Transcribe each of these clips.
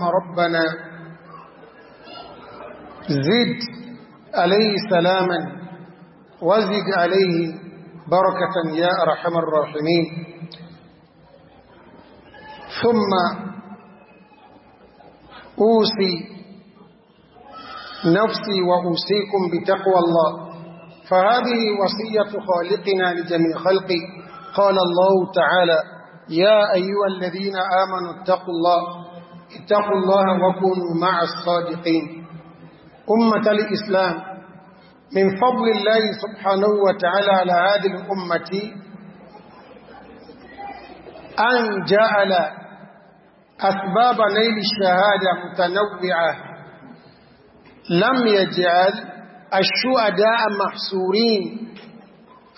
ربنا زد عليه سلاما وزد عليه بركة يا أرحم الراحمين ثم أوصي نفسي وأوصيكم بتقوى الله فهذه وصية خالقنا لجميع خلقه قال الله تعالى يا أيها الذين آمنوا اتقوا الله اتقوا الله وكونوا مع الصادقين أمة الإسلام من فضل الله سبحانه وتعالى على هذه الأمة أن جعل أسباب نيل الشهادة متنوعة لم يجعل الشهداء محصورين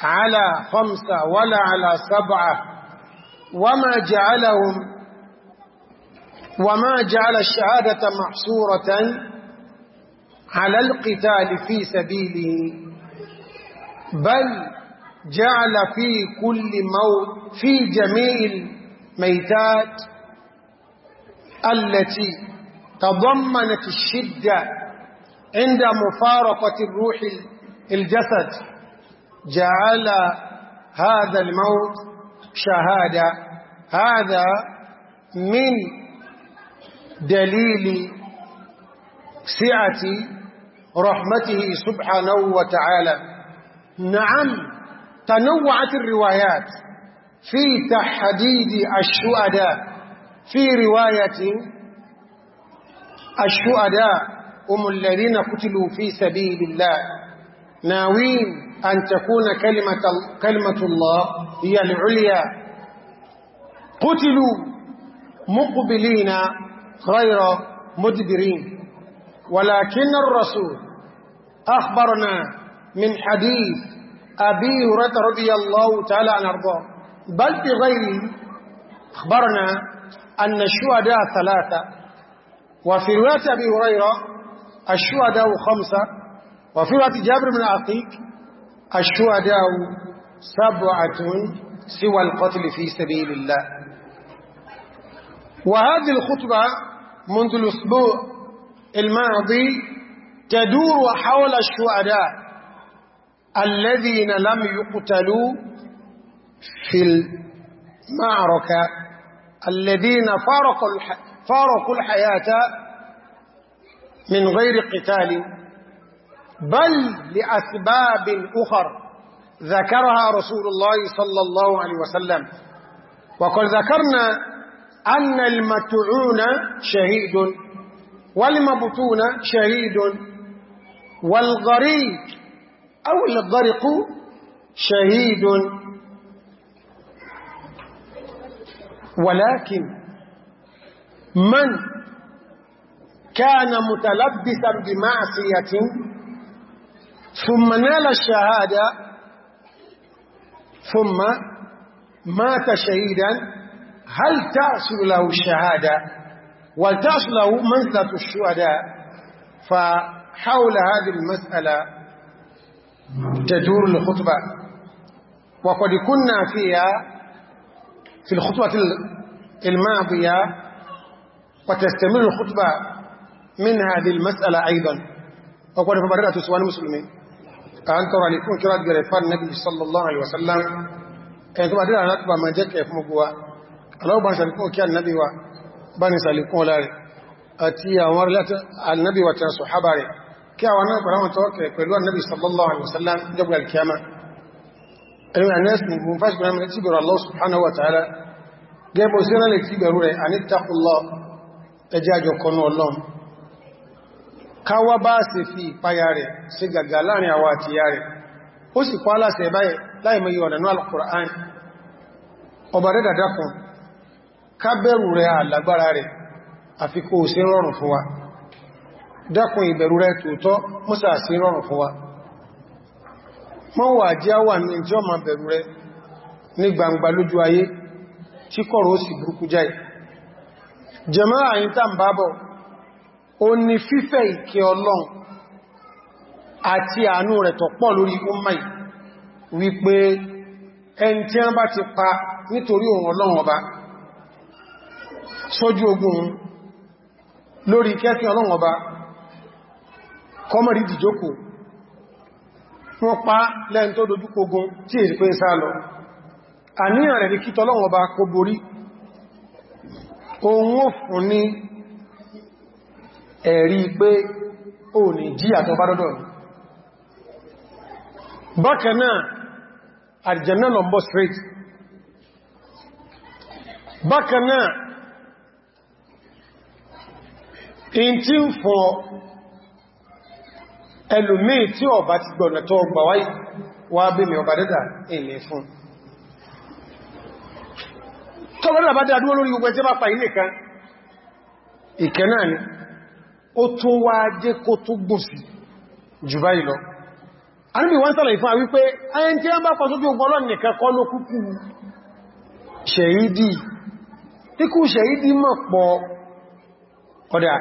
على خمسة ولا على سبعة وما جعلهم وما جعل الشهادة محصورة على القتال في سبيله بل جعل في كل موت في جميع الميتات التي تضمنت الشدة عند مفارقة الروح الجسد جعل هذا الموت شهادة هذا من دليل سعة رحمته سبحانه وتعالى نعم تنوعت الروايات في تحديد الشهداء في رواية الشهداء هم الذين قتلوا في سبيل الله ناوين أن تكون كلمة, كلمة الله هي العليا قتلوا مقبلين غير مدبرين ولكن الرسول أخبرنا من حديث أبي هريرة رضي الله تعالى عن أرضاه بل في غيره أخبرنا أن الشهداء ثلاثة وفي رواية أبي هريرة الشهداء خمسة وفي رواية جابر بن عقيق الشهداء سبعة سوى القتل في سبيل الله وهذه الخطبة منذ الأسبوع الماضي تدور حول الشهداء الذين لم يقتلوا في المعركة الذين فارقوا, الح... فارقوا الحياة من غير قتال بل لأسباب أخر ذكرها رسول الله صلى الله عليه وسلم وقد ذكرنا أن المتعون شهيد والمبتون شهيد والغريق أو الغرق شهيد ولكن من كان متلبسا بمعصية ثم نال الشهادة ثم مات شهيدا هل تأصل له الشهادة وتأصل له منزلة الشهداء فحول هذه المسألة تدور الخطبة وقد كنا فيها في الخطبة الماضية وتستمر الخطبة من هذه المسألة أيضا وقد فبررت سؤال المسلمين أن ترى لكم كرات قريفان النبي صلى الله عليه وسلم أنت رأيكم ما جاك يفمقوا aláwọ̀ bá ń sàlìkún kí annabiwa bá ní sàlìkún láre àti àwọn annabiwa ta sọ hábà rẹ̀ kí àwọn náà pẹ̀lú àwọn tọ́wọ́kẹ̀ pẹ̀lú annabi sallallahu alaihi wasallam jọgbà alkiyama ẹ̀yìn anẹ́sì mú fásitì náà ti bẹ̀rọ Allah subhanahu wa ta'ala gẹ́bù sí rán lè ti bẹ̀rù rẹ̀ a ní takulọ ẹjẹ́ àjọ kọnu ọlọ́run kábẹ̀rù rẹ̀ àlágbára rẹ̀ àfi kó sí rọrùn fún wa dákun ìbẹ̀rù rẹ̀ tòótọ́ mọ́sà sí rọrùn fún wa mọ́wàá jẹ́ wà ní tí ọmọ bẹ̀rù rẹ̀ ní gbangba lójú ayé tí kọ̀rọ̀ ó sì burúkú jáì jẹmọ́ àyíntà ń bábọ̀ ó ní fífẹ́ ìkẹ́ ọlọ́run àti àánú rẹ̀ tọ̀pọ̀ lórí ọmọ wípé ẹni tí wọ́n bá ti pa nítorí òun ọlọ́run ọba sójú ogun lórí kẹ́kẹ́ ọlọ́run ọba kọmọ̀rí dìjókò wọ́n pa lẹ́yìn tó dojú kogun tí èsì pé ń sá lọ àníyàn rẹ̀ ní kí tọ́lọ́run ọba kó borí ohun ó fún ní ẹ̀rí pé ò ní jí àtọ́ bá àjẹ́ straight bákan náà in tí ń fọ ẹlùmí tí ọba ti gbọ̀nà tó gbà wáyé wá bí mi ọba dẹ́dà ilẹ̀ fún tọ́lọ́dà bá dádúró lórí gbogbo ẹjẹ́ bá pa ilé kan ìkẹ́ náà ni ó tún wá jẹ́ kó tún gbòsì jù báyìí lọ anúbì wọ́n ìfún àwípé ayẹn tí wọ́n bá ogun kọ́dá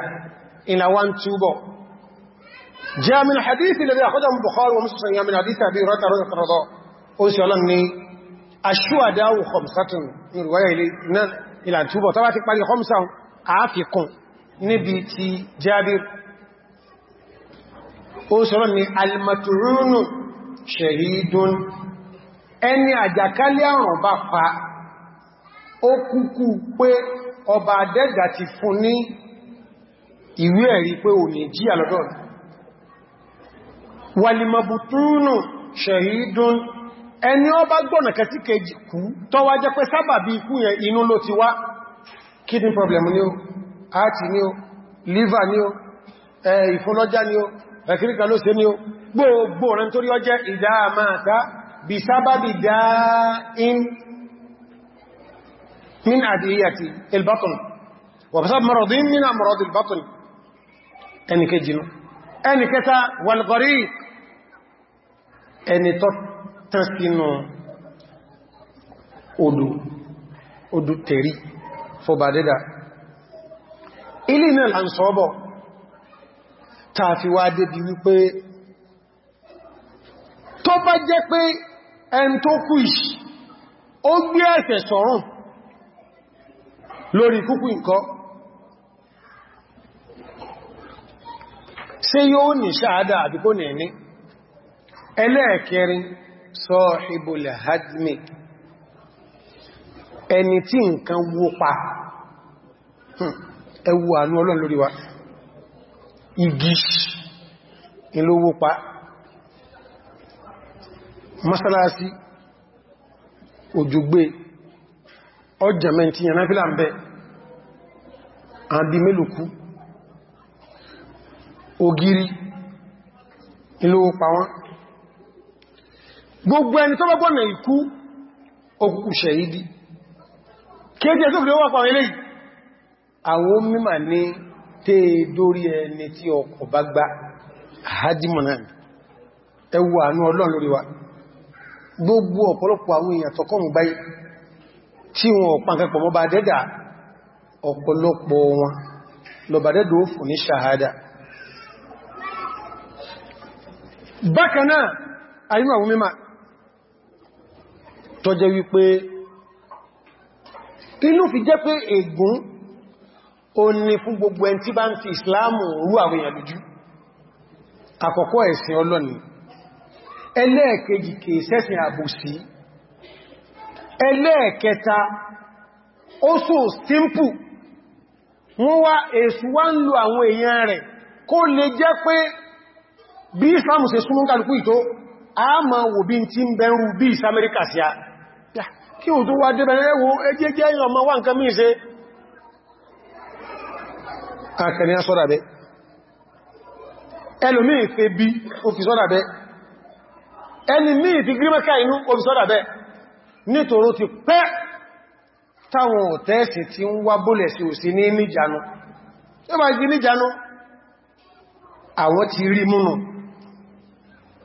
ina wá ń túbọ̀ jẹ́ min hadithi lè àkọ́dá mú Bukhari wa Muslim ya min hadithi àbí rọ́ta rọ́ta tọ́rọ ó sì ọlọ́n ni aṣúwàdáwò khomsatun ní ruwaya ilẹ̀ túbọ̀ tọ́bá ti parí khomsan àáfikún níbi ti Jabir ó sì ọlọ́n ni almaturunu shahidun ẹni àjàkálẹ̀ àrùn bá fa ó kúkú pé ọba adẹ́gà ti fún ní ìwé ẹ̀rí pé ò ní jí àlọ́dọ̀ wàlìmọ̀bùtúnù ṣẹ̀hídún ẹni ọ bá gbọ́nà kẹsí kejì kú tọ́wà jẹ́ pé sábà bí ikú yẹn inú ló ti wá kidney problem ni o heart ni o liver ni o ìfúnlọ́já ni o ẹ̀kìríkà ló ṣe ni o gbogbo rẹ̀ nítorí ọ jẹ́ ìdáàmáta bí sábà bí dáin min àdíyàtì ẹni kejì nù ẹni kẹta wàlgọ́rí ẹni tó tán sínú odò odò tẹ̀rí fọbàdẹ́dà ilé náà là ń sọ́bọ̀ tààfiwá débi wípé tó bá jẹ́ pé ẹn tó kú ìṣì ó gbé ẹ̀ṣẹ̀ sọ́rùn lórí kúkú nǹkan ṣe yóò ní ṣáadà àdìkò nìní ẹlẹ́ẹ̀kẹrin sahibul hadmi ẹni tí nǹkan wó pa hmm, ẹwù àánú ọlọ́run lórí wa igi ìlú wó pa masalasi òjògbé ọjàmẹ́ntì yànáfílà ń bẹ àbí mélòó ògiri ìlò pa wọ́n gbogbo ẹni tó gbogbo ọ̀nà ikú òkùnkù ṣẹ̀yìdì kéèdè tó fi wọ́pàá ilé àwọn mímà ní tẹ́ dórí ẹni tí ọkọ̀ bá gbá hajjimọ̀nà ẹwọ àánú ọlọ́run lórí wa gbogbo ọ̀pọ̀lọpọ̀ àwọn èèyàn tọ́kọ̀mù báyìí tí wọn ọ̀pá kẹpọ̀ ní ṣàhádà bákanáà àrínú àwọn mímá tó jẹ́ wípé inú fi jẹ́ pé ègún o ní fún gbogbo ẹn tí bá ń fi ìsìláàmù rú àwọn èèyàn lójú àkọ́kọ́ ẹ̀sìn ọlọ́ni ẹlẹ́ẹ̀kejì kìí sẹ́sìn àbòsí ẹlẹ́ẹ̀kẹta ó so simple wọ́n wá èsù wá ń lo àwọn èèyàn rẹ̀ kó lè jẹ́ pé bí islam se súnmọ́ kàlùkù ìtó a ma wò bí tí ń bẹ̀rù bí is amẹ́ríkà sí a kí o tó wá débẹ̀rẹ̀ wo ẹjẹ́jẹ́ èyàn ma wá nǹkan mìí ṣe àkẹni a sọ́dà bẹ́ ẹlòmí ìfẹ́ bí o fi sọ́dà bẹ́ ẹni mí ìfi gírímẹ́ká inú o fi sọ́dà bẹ́ ti pẹ́ táwọn òtẹ́ẹ̀sì ti ń wá bólẹ̀ sí òsì ní níjànú àwọn ti rí múnù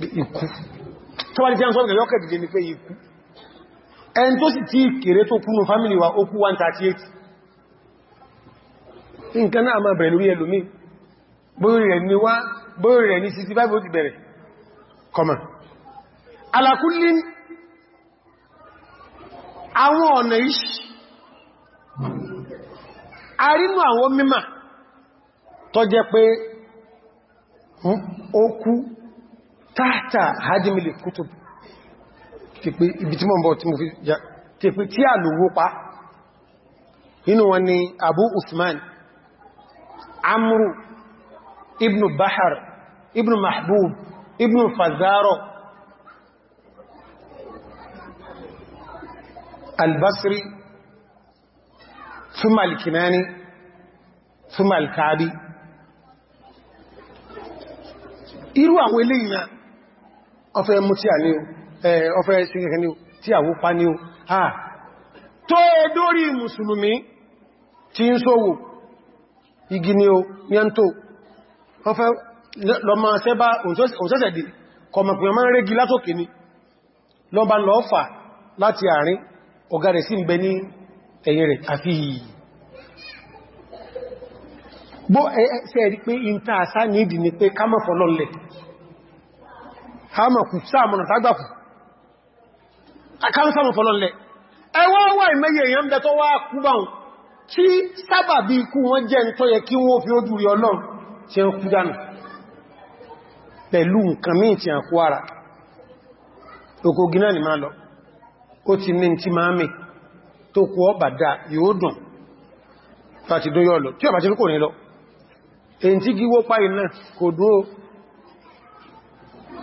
ikú tó bá lè jẹ́ ọ̀sọ́rọ̀ yọ́kẹ̀ dìde ní pé ikú ẹn tó sì tí kéré tó kúnnù fámílì wa ó kú 138 nǹkan náà máa bẹ̀rẹ̀ lórí ẹlòmí bóyí rẹ̀ ní wá bóyí rẹ̀ ní 65 ó ti bẹ̀rẹ̀ kọmà alákúlí àwọn tààtà hajjimile kútùb tèpé ibi tí mọ́ bọ̀ tí mo fi já tèpé tí a lò wópa inú wọn ni abu usman amru ibn bahar ibn mahbub ibn fazaro albasri ثم الكناني ثم الكعبي irú àwọn eléyìn náà ọfẹ́ mú tí à ní ọfẹ́ sí kẹkẹ ní tí àwó pa ní à tó dórí mùsùlùmí tí ń sówò igi ni o yẹntó ọfẹ́ ni lọba lọ fà láti àárín ọ̀gá rẹ̀ sí ń bẹ ní ẹ̀yìn rẹ̀ àfi bó ẹ̀ẹ́sẹ̀ rí pé ìntàṣà nídìí ni pé ká mọ̀ fọ́lọ́lẹ̀ hamaku sáàmùnà tágbàkù akánsáàmù fọlọ́lẹ̀ ẹwọ́ wà ìmẹ́yẹ èèyàn bẹ tó wá kúbàun tí sábà bí ikú wọn jẹ́ ń tọ́ yẹ kí wọ́n fi ojú rí ọlọ́run tí ń kú dánù pẹ̀lú nǹkan ni máa lọ ó ti ní tí máa mì tó kú ọba dá yóò dùn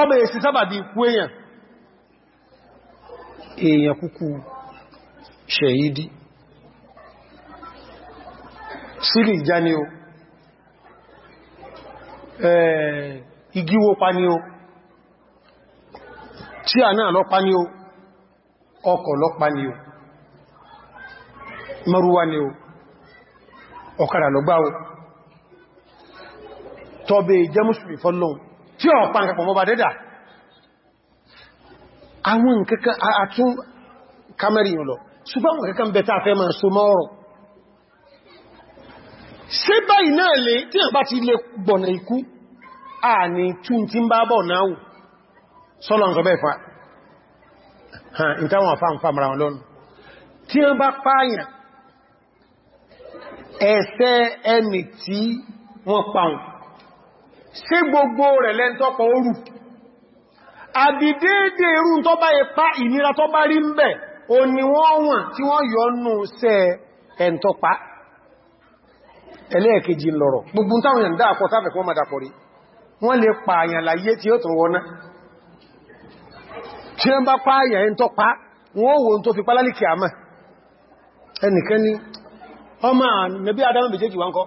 tọ́bẹ̀ èsì sábàbí ikú èèyàn èèyàn kúkú ṣẹ̀yídí sílì ìjá ni o igiwo pa ni o tí a náà lọ́pa ni o ọkọ̀ lọ́pa ni o mọ́rúwá ni o ọ̀kadà lọ́gbà tọ́bẹ̀ ìjẹ́ mùsùlùmí tí ó pa nǹkan pọ̀mọ́ bá dédà àwọn nǹkankan àtún kamari yìí lọ ṣùgbọ́n nǹkankan bẹ̀ta fẹ́ ma so mọ́ ọ̀rọ̀ ṣe báyìí náà lè tí àbá ti lè gbọ̀nà ikú à ní tún tí ń bá bọ̀ náà sọ́lọ̀ nǹkan bẹ́ẹ̀ wọn ṣé gbogbo rẹ̀ lẹ́ntọ́pọ̀ orù àbìdédé irú tó bá ipá ìnira tó bá rí ń bẹ̀ o ni wọ́n wọ̀n tí wọ́n yọ nù sẹ ẹ̀ntọ́pá ẹlẹ́ẹ̀kejì lọ́rọ̀ gbogbo táwọn yàn dáàpọ̀ táfẹ̀ kọ́ mọ́dàpọ̀ rí wọ́n lè pààyàn ọmọ ànàbí adámọ̀ méjèèjì wọ́n kọ́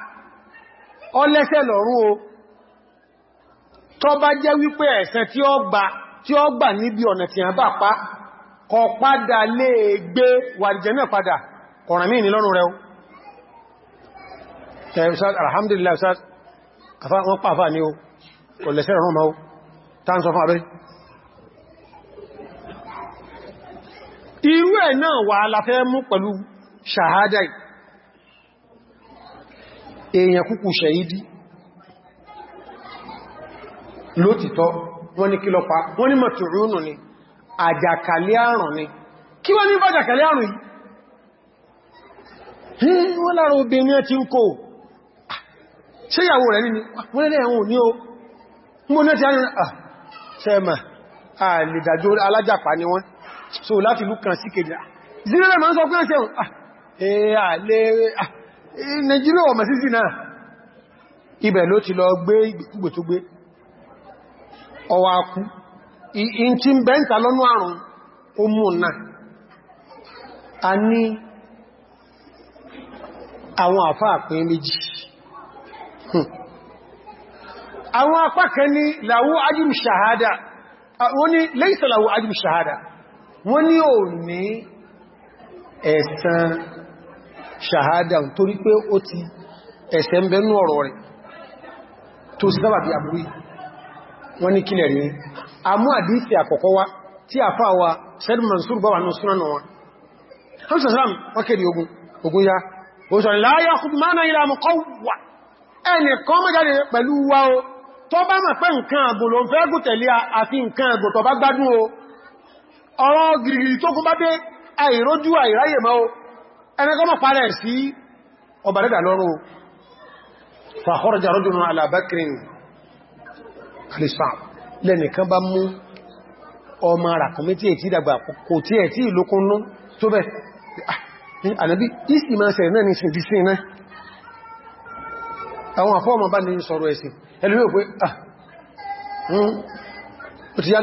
ọlẹ́sẹ̀ lọ́rún o tó bá jẹ́ wípé ẹ̀sẹ̀ tí ó gbà tí ó gbà níbi ọ̀nà tí àbá pa kọ padà lè gbé wàrìjẹ̀ náà padà kọ̀ràn mí ní lọ́rùn rẹ̀ o alhamdulillah ustaz kafa wọn pàfà ní o kò lẹ́sẹ̀ o ta ń sọ fún abẹ́rí irú ẹ̀ náà wà aláfẹ́ mú pẹ̀lú ṣàhádà yìí èèyàn kúkú ṣẹ̀yídí lótìtọ́ wọ́n ní kí ló pa wọ́n ní mọ̀tùrúnù ni àjàkálẹ̀ àrùn ni kí wọ́n ní bá àjàkálẹ̀ àrùn yìí wọ́n lára obìnrin ti ń kò ah, ṣe ìyàwó rẹ̀ nínú ah, wọ́n lẹ́lẹ́ ẹ̀wọ̀n ní o mọ́ náà ti àrùn àṣẹ́mà ah, àlèdàjò alájàpá ni wọ́n so láti lú kan Nigeria ọmọ sí zina ibẹ̀ ló ti lọ gbé ìgbèkúgbè tó gbé ọwà akú in ti ń bẹ́ǹta àrùn a ní àwọn afọ pín méjì hmm. àwọn apákan ní làwó ajúrù ṣàhádà wọ́n ní lẹ́ìsẹ̀ làwó ajúrù ṣàhádà wọ́n ní ò ṣàhádà torí pé ó ti ẹ̀ṣẹ̀ ń bẹnú ọ̀rọ̀ rẹ̀ tó sábàbí àbúrí wọ́n ní kílẹ̀ rí àmú àdífẹ́ àkọ́kọ́ wá tí a fà wa Said Mansur bá wà ní súnánà wọn hamsalam wákẹ̀rẹ̀ ogun ogun ya o sọ láyá kùdùmánà ilá mọ́kọ́ wà ẹni kan mọ́jáde pẹ̀lú wa o tó bá mọ̀ pé nǹkan àgbò ló ń fẹ́ gùn tẹ̀lé ọ̀rọ̀ gìrìgìrì tó kún bá dé àìrójú àìráyè máa ẹnẹ́gọ́mọ̀ parẹ̀ sí ọba dẹ́dà lọ́rọ̀ fàkọ́rọ̀jà rọ́jùn alábákìrín alìsàn lẹ́nìkan bá mú ọmọ ràkùnmí tí ètí ìdàgbà kò tí ètí ìlókúnnú tó bẹ̀ ah, ànàbí ìsì máa sẹ̀rẹ̀ náà ní ṣìdísí náà àwọn àfọ́ọ̀mọ̀ bá ní sọ̀rọ̀ ẹ̀sìn ẹlùmí òpé ah hmm, ó ti yá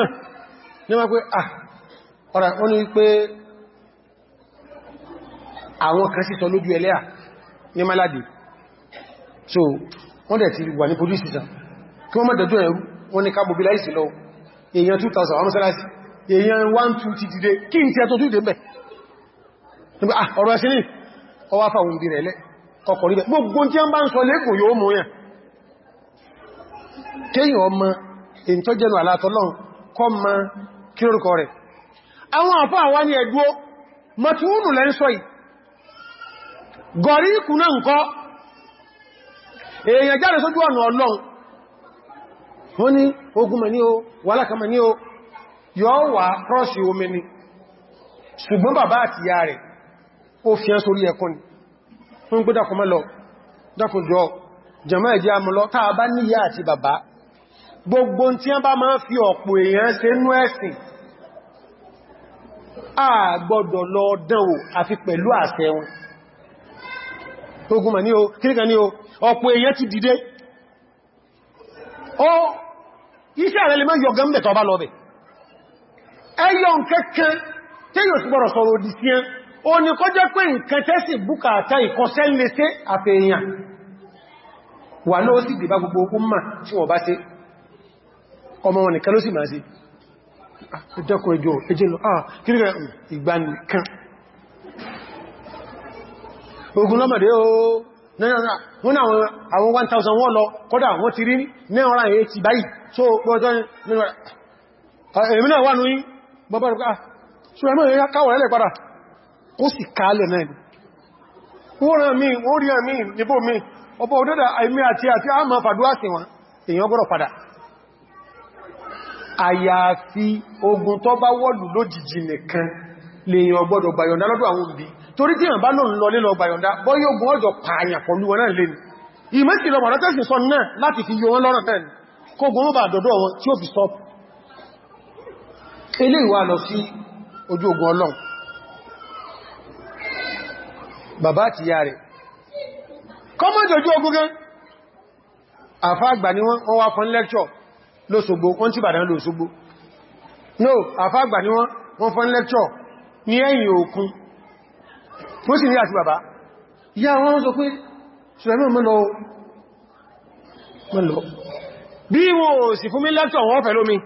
náà ní wọ́n pé ah ọ̀rà wọ́n ní pé àwọn kan sí sọ lójú ẹlẹ́à ní maladi so wọ́n dẹ̀ ti wà ní police station kí wọ́n mọ́ dẹ̀dọ́ ẹ̀rú wọ́n ní ká mobilize lọ èèyàn 2000 wọ́n mọ́sálásí èèyàn 12 ti dìde kí n tí ẹ tó dìde mẹ́ ah, ọ̀rọ̀ ẹ̀sìn ní ọwá fàwọn ìbí rẹ̀ lẹ́ ọkọ̀ ríbẹ̀ gbogbo tí a ń bá ń sọ lẹ́kùn yóò kí lórúkọ rẹ̀ àwọn àpá àwá ní ẹ̀dúó mọ̀túnù lẹ́ ń sọ yìí gọ̀rí ikú náà ń kọ́ èèyàn jáde sójú ọ̀nà ọlọ́run ní ogun mẹ́ ní o o wà kọ́ọ̀sì omi ṣùgbọ́n bàbá àti ìyá rẹ̀ gbogbo tí wọ́n bá máa fi ọ̀pọ̀ èèyàn ṣe nú ẹ̀sìn a gbọ́dọ̀ lọ dánwò àfi pẹ̀lú àṣẹ wọn ogunmọ̀ ní o kíríkà ní o ọ̀pọ̀ èèyàn ti dìde ó iṣẹ́ rẹ̀ lè mọ́ yọ gẹ́m̀bẹ̀ tọba lọ́bẹ̀ ẹyọ nkẹ́kẹ́ tí yóò sì gbọ́rọ̀ sọ̀rọ̀ òdì sí ẹn o ní kọ́ jẹ́ pé nǹkan tẹ́sì búkàtà ìkọsẹ́ lẹ́sẹ́ àfẹ́yàn wà náà ó sì dìbà gbogbo okun mà tí wọ́n bá ṣe ọmọ wọn nìkan ló sì máa sí ah, ẹjọ́kọ̀ ẹjọ́ ẹjẹ́ lọ ah kíríkẹ̀ hmm, ìgbà nìkan ogun lọ́mọ̀dé o wọ́n àwọn 1000 wọ́n lọ kọ́dà wọ́n ti rí mẹ́wàá èyí ti báyìí tó pọ́jọ́ ìmìnà wà ní bọ́bá rẹ̀ ah, ṣe ẹmọ́ ìyá káwọ̀ ẹlẹ̀ padà kó sì káàlẹ̀ náà mi wọ́n rí àmì níbò mi ọ̀pọ̀ òdọ́dà àìmí àti àti àmà fàdúwà sí wọn èèyàn gbọ́rọ̀ padà àyàfi ogun tó bá wọ́lù lójijì nìkan lèyàn gbọ́dọ̀ gbàyọ̀ndá lọ́dọ̀ àwọn òbí torí tí ìyàn bá lòun lọ lélọ gbàyọ̀ndá bọ́ yóò gún ọjọ́ pààyàn pọ̀lú wọn náà lè ní ìmẹ́sì lọ mọ̀rọ̀ tẹ́sì sọ náà láti fi yọ wọn lọ́rọ̀ náà ni kó gún lóṣogbo wọ́n tí bàdán lóṣogbo no àfágbà ni wọ́n wọ́n fọ́n lẹ́kṣọ́ ní ẹ̀yìn òkun tó sì ní àti bàbá ya wọ́n sọ pé ṣùgbọ́n mọ́ lọ bí wọ́n sì fún mi lẹ́kṣọ́ wọ́n fẹ́ lómi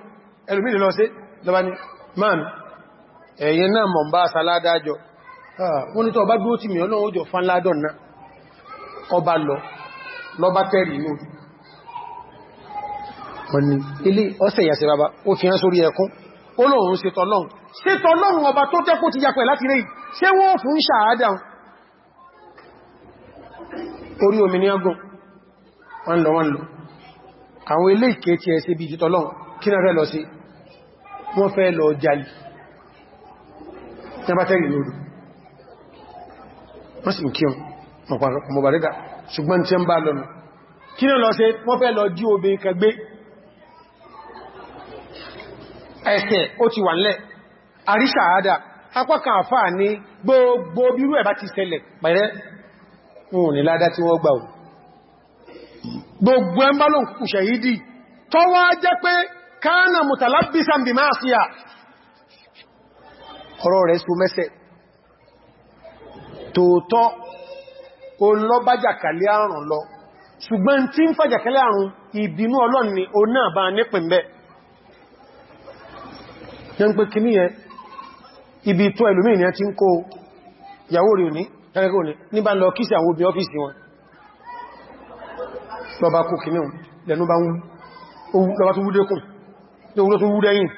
man ẹ̀yẹ náà mọ̀ bá saládájọ́ wọ́n ni mi ọlọ́run ó jọ fán ládọ̀ náà ọba lọ lọ́bá tẹ́rì wọ́n ni ilé ọ́sẹ̀ ìyàsẹ̀ bàbá ó fi hàn sórí ẹkún ó lóòrùn ṣe tọ́lọ́run ṣe tọ́lọ́run ọba tó jẹ́ kó ti yapẹ̀ láti rẹ̀ ṣe wọ́n fún ṣàádà orí omi ní ọgbọ̀n wọ́n lọ wọ́n lọ àwọn ilé ìkẹ́ ti ẹ̀ṣẹ́ bí tí ń sí wọ́n fẹ́ ẹ̀ṣẹ̀ ó ti wà nílẹ̀ àríṣà àádà apákan àfáà ní gbogbo bírú ẹ̀bá ti ṣẹlẹ̀ pẹ̀rẹ́ wọn ni ládá tí wọ́n gbà ò gbogbo ẹmbá ló ń kù ṣẹ̀yídì tó wá jẹ́ pé kánà mùtàlábísàn bí máa síyà ọ̀rọ̀ rẹ̀ so mẹ́sẹ̀ ṣùgbọ́n tí ń fàjàkálẹ̀ àrùn ìbínú Ọlọ́run o náà bá nípìn bẹ́ẹ̀ ní ń pé kí ní ẹ ibi tó ẹlòmí ìyẹn ti ń kó ìyàwó rí òní ẹgbẹ̀kọ́ òní ní bá lọ kí sí àwọn obìnrin ọ́fíìsì wọn lọba kó kìíní lẹ́nu bá lọba tó wúdé kùn lọ́wọ́ tó wúdé yìn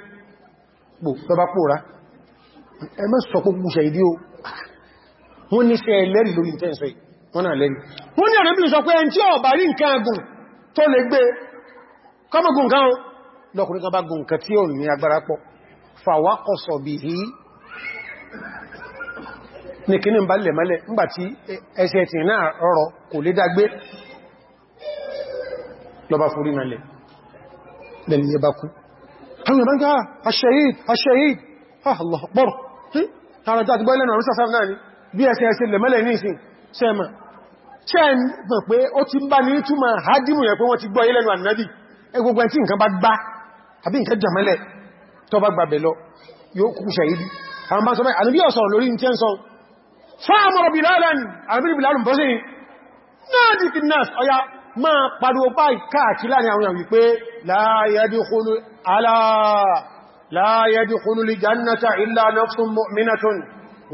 gbò lọba pòórá ẹmẹ́ sọ púpù ṣe ìdí o wọ́n ní ṣe fàwákọ̀sọ̀ bí i ní kí ní ń bá lè mẹ́lẹ̀ ńgbàtí ẹsẹ̀ tí náà rọrọ kò lè dágbé lọba forí nalẹ̀ lẹ́ni yẹ bá kú ṣe ń ah, ah, mọ̀ pé o ti ba n'itu ní ha hádìmù ya pe wọ́n ti gbọ́ ilẹ̀ ìwà nàbí ẹgbogbo ẹ̀ tí nǹkan bá gbá nke nǹkan tó bá gbàbẹ̀ lọ yóò kú ṣàyídí àwọn bá sọ báyìí àníbí ọ̀sọ̀ lórí ní tẹ́ǹsọ fáàmọ̀rọ̀ Bilalan àníbí Bilalun bọ́ sí náà dìkì náà ọya máa pariwo páì káàkiri láàrin àwọn wípé la yadkhulu al-jannata illa nafsun mu'minatun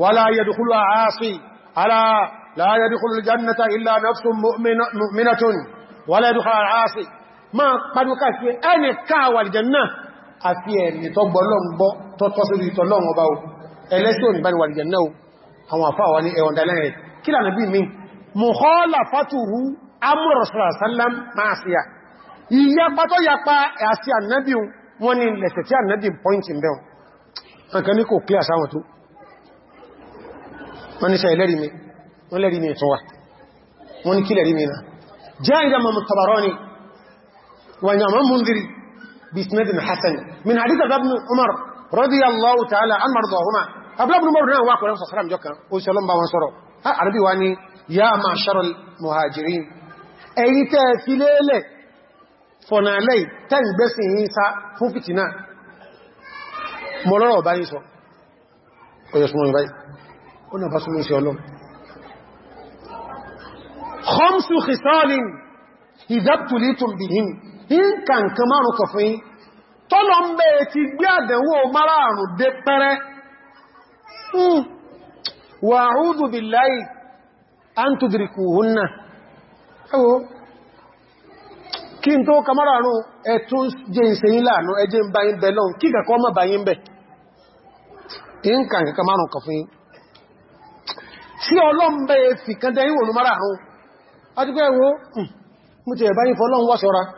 wa la yadkhulu 'asi ala la yadkhulu al-jannata illa nafsun mu'minatun wa la yadkhulu 'asi àfi ẹ̀rìn tó gbọ́lọ́gbọ́ tó tọ́ sí ìtọ́ lọ́wọ́ bá o ẹlẹ́sìn òní bá ní wàlìjẹ̀ náà àwọn àfáà wà ní ẹwọ̀n dalẹ́rẹ̀ kí lànà bí mi mukhalafatuhu amr rasulullah sallam ma'asiya ìyá pàtọ́ yapa àti ànábì wọn ni lẹ̀sẹ̀ tí ànábì pọ́ìntì bẹ́ nǹkan ní kò clear sáwọn tó wọ́n ní sẹ ẹlẹ́rì mi wọ́n lẹ́rì mi ìtọ́wà mundiri بإسناد حسن من حديث ابن عمر رضي الله تعالى عن مرضاهما قبل ابن عمر رضي الله عنه وسلم جوكا وسلم بوانصره عربي واني يا معشر المهاجرين أيتا في فنالي تنبسي إيسا فوفتنا مرور بايسو ويسمون باي قلنا بسم الله خمس خصال إذا ابتليتم بهم nǹkan nǹkan márùn kan tọ́lọ ń bẹ́ ti gbé àdẹ̀wò márààrùn dé pẹ́rẹ́ hmm. wa a'udhu billahi an tudrikuhunna ẹwọ́ kí n tó ka márààrùn ẹ̀tún jẹ́ ìṣẹ́ láàánú ẹjẹ́ ń bá yín lọ́n kí hmm, ti ẹ̀bá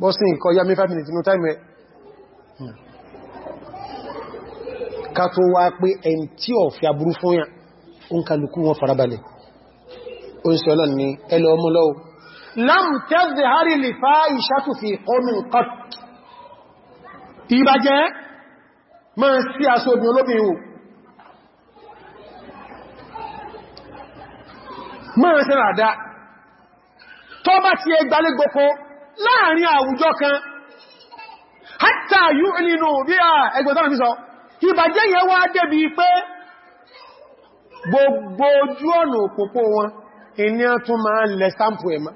bọ́sí nǹkan yá mi 5 minutes inú time rẹ̀ ká tó wá pé ẹn tí ọ̀ fi àbúrú fún yà ń kàlùkù wọn farabalẹ̀ ó ń sọ́lọ́ ní ẹlọ ọmọlọ́wọ́ lam tazhari li fa'ishatu fi qawmin qat ìbàjẹ́ máa sí aṣọ obìnrin olóbìn wò máa sí ràdá tó bá ti ẹgbàlẹ́gbọ́kọ́ láàrin àwùjọ kan hátà yú nínú bí a ẹgbẹ̀tọ́nà fi sọ ìbàjẹ́ yẹn wá débi pé gbogbo ojú ọ̀nà òpópó wọn ìní àtún máa ń lẹ sáàmpù ẹ̀má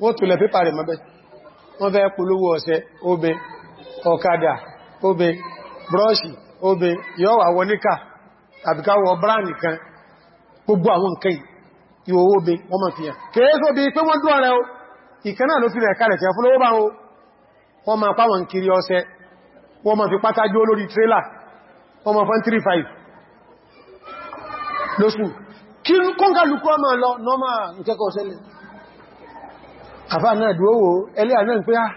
wọ́n tó lẹ pépà rẹ̀ mọ́bẹ̀ wọ́n fẹ́ polówó ọṣẹ obe ọ̀kadà obe brọ́ṣì obe yọ́wà wọ níkà àbíkáwọ̀ brand kan gbogbo àwọn obe wọ́n mọ̀ fi hàn kèé sóbi pé wọ́n dúọ̀rẹ́ o ìkẹ́ náà ló fi rẹ̀ kalẹ̀ tẹ́ fúnlówó bá wọn ma pàwọn kiri ọsẹ wọ́n ma fi pátá jó lórí trailer wọ́n ma fún 35 lóṣù kí n kọ́nkà lukú ọmọ lọ nọ́mà ìkẹ́kọ̀ọ́ sẹ́lẹ̀ àfá náà dúówó ẹlẹ́ àná ń pé ah,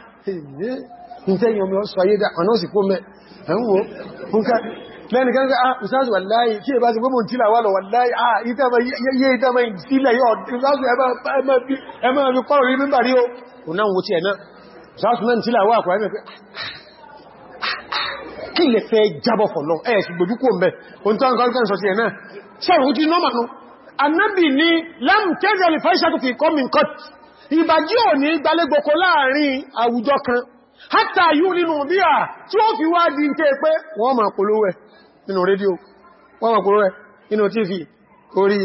á ní lẹ́nu kan ah ìsáàsù wàláyé tí è bá ti gbọ́mọ̀ lọ wàláyé ah yé ìdámà ìsílẹ̀ yọ ìsáàsù ẹmọ́ rí pọ́rọ̀ rí mímbà rí o náà wo ti ẹ̀nà ìsáàsù náà tílà wà kọ̀ ẹ̀mẹ́ kí lè fẹ́ jábọ̀ fọ̀lọ́ ẹ̀ sì gbójú kò mẹ́ ohun tó ń kọ́ kẹ́ sọ lam tẹ́jẹ̀ lè fẹ́ ìṣàkù fi kọ́mìn kọ́t ìbàjí ò ní gbalégbòkó láàrin àwùjọ kan hátà yú nínú bíà tí ó fi wá di ń tẹ́ pé wọ́n máa polówẹ́ nínú rédíò wọ́n mọ̀ kúrò rẹ̀ nínú tv orí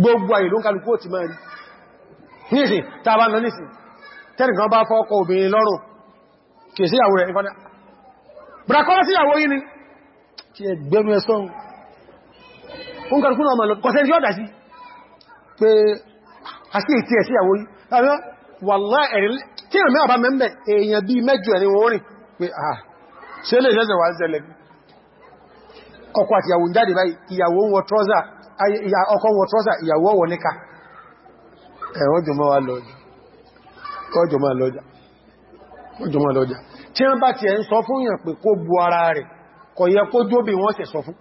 gbogbo ayé ló ń kálukú òtì máa rí nísìn tàbá lọ nísìn tẹ́nìkan bá fọ́kọ obìnrin lọ́rùn kì sí ìyàwó rẹ̀ ìfọ́nà brakọ́lá sí ìyàwó yìí ni kí ẹ gbẹ́nu ẹ̀sọ́n ń kàrùkú náà mọ̀lọ kọ̀sẹ̀ tí ó dà sí pé a ah, sí ètí ẹ̀ sí ìyàwó yìí wàlá ẹ̀rí tí ìrìnmẹ́ ṣe lè wà ń àti ìyàwó ń jáde báyìí ìyàwó wọ trọ́zà ìyàwó wọ níka ọjọ́mọ́ lọ́jà tí wọ́n bá ti ẹ̀ ń sọ fún pé kó bu ara rẹ̀ kọ̀ yẹ kó jóbi wọ́n sọ fún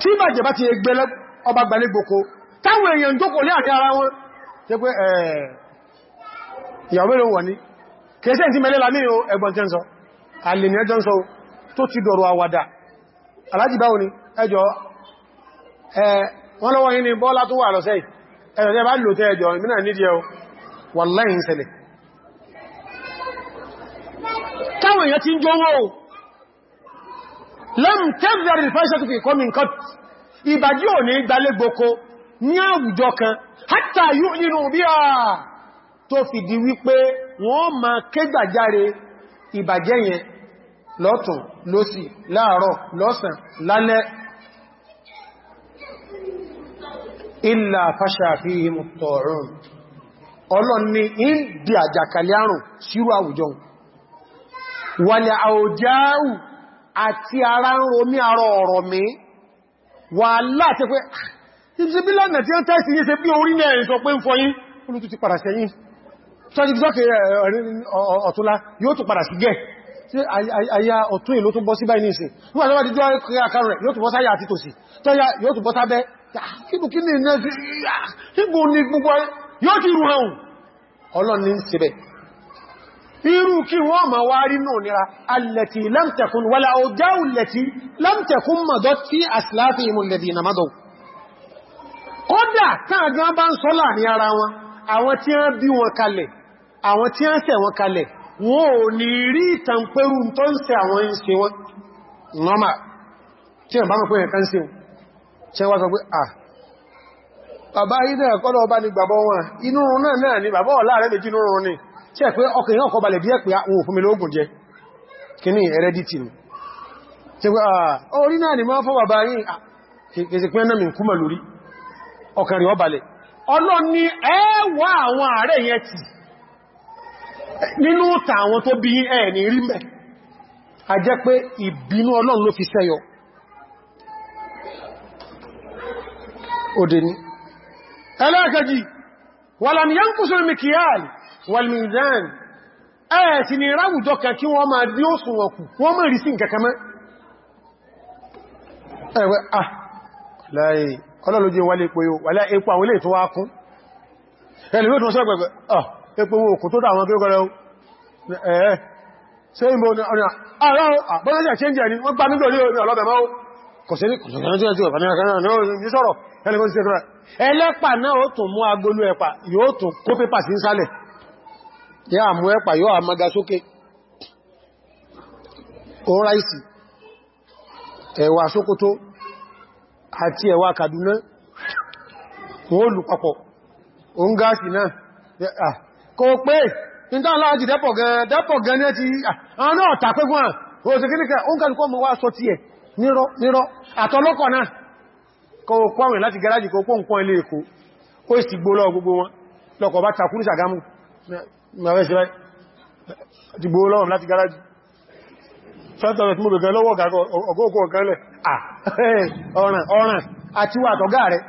tí bá ti gbé ọba gbalẹ́gbòkó táwọn èèyàn jókòó lé àti ara ìyàwó mélòó wọ̀ ní kẹsẹ̀ tí mẹ́lẹ́ lámí o ẹgbọ́n tẹ́ ń sọ alìní ẹjọ́ ń sọ tó ti dọ̀rọ̀ àwàdà ni ẹjọ́ wọ́n lọ́wọ́ yìí ni bọ́lá tó wà ẹ o ìbàjí ò ní ní àwùjọ kan hátà yóò nínú bí tó fi di wípé wọ́n ma kégbàjáre ìbàjẹ́ yẹn lọ́tùn lósì láàárọ̀ lọ́sàn lálẹ́ ìlà fàṣàfihìm tọ̀rún ọlọ́ni ìdí àjàkálẹ̀ àrùn sírò àwùjọ wàlẹ̀ àwòjáàù àti ara ń romí ara ọ̀rọ̀ mi wà láti pé ìbísí ah, bí lọ́nà tí ó tẹ́sì ní ṣe bí orí náà pé ń fọyín olútú pàràṣẹ́yìn tó ti gbọ́kẹ̀ ọ̀túnlá yóò tún padà sí gẹ́ tí àyà ọ̀tún ìlú tún bọ́ sí báyìí nìsìn nígbà tó bá ti jọ kìí àkàrù rẹ̀ yóò tún bọ́ sáyà irú kí wọ́n ma wá rí náà nira alẹ́tì lámtẹ̀kún wàlá ọjáù lẹ́tì lámtẹ̀kún mọ̀dọ́ tí àsìláfì ìmúlẹ̀dì ìnàmọ́dọ̀ kódà táàgán bá ń sọ́là ní ara wọn àwọn tí wọ́n bí wọn kalẹ̀ àwọn tí a ń ṣe wọn kalẹ̀ wọ́n ò ní rí ìtàn pẹ̀rú tó ń ṣe àwọn ìṣẹ́ wọn nọ́mà tí a bá mọ̀ pé ẹ̀kan sí tí wọ́n sọ pé à bàbá ilé ẹ̀kọ́lọ́ ọba ni bàbá wọn inú run náà náà ni bàbá ọ̀lá rẹ̀ méjì rún ni tí ẹ̀ pé ọkàn yóò kọ balẹ̀ ni tí pé orí náà ni máa fọ́ bàbá yìí kèsì pé náà mi kúmọ̀ àwọn ààrẹ yẹn ti nínú ta àwọn tó bí ẹ̀ ní rí mẹ́ a jẹ́ pé ìbínú ọlọ́run ló fi sẹ́yọ òdè ní ẹlẹ́ẹ̀kẹ́jì yán kú sórí mikiyal Walmizan ẹ̀ sì ni ráwùjọ kan kí wọ́n máa rí òsùnwọ̀n kù wọ́n máa rí sí nǹkankan ẹ̀wẹ́ ah láì ọlọ́lójí wálé wálé àwọn ilé ìtọ́wà kún pé wọn òkú tó dáwọn gẹ́gọ́rẹ́ ẹ̀ẹ́ ṣe ìbò ọ̀nà àrá àbọ́nàjà ṣe ń jẹ́ ni wọ́n gbá nígbò ní ọlọ́bẹ̀ mọ́ kò sí ẹlẹ́pà náà ó tún mú agolo ẹ̀pà yóò tún kó pépà sí sálẹ̀ yá àmú ẹ̀pà yóò àmága sókè òun ráìsì ẹ̀wà Sókótó àti ẹ̀wà Kàdúná wọ́n lù papọ̀ òun gáàsì náà kò pé ìdá aláàjì dẹ́pọ̀ gan a gan ní ẹ̀tí àwọn náà tàpé fún àwọn òṣèkínìkà ó ń kàlùkọ́ mọ́ wá sọ ti ẹ̀ nírọ́ àtọlọ́kọ̀ náà kò pọ́wìn láti gẹ́rájì kò pọ́n ilé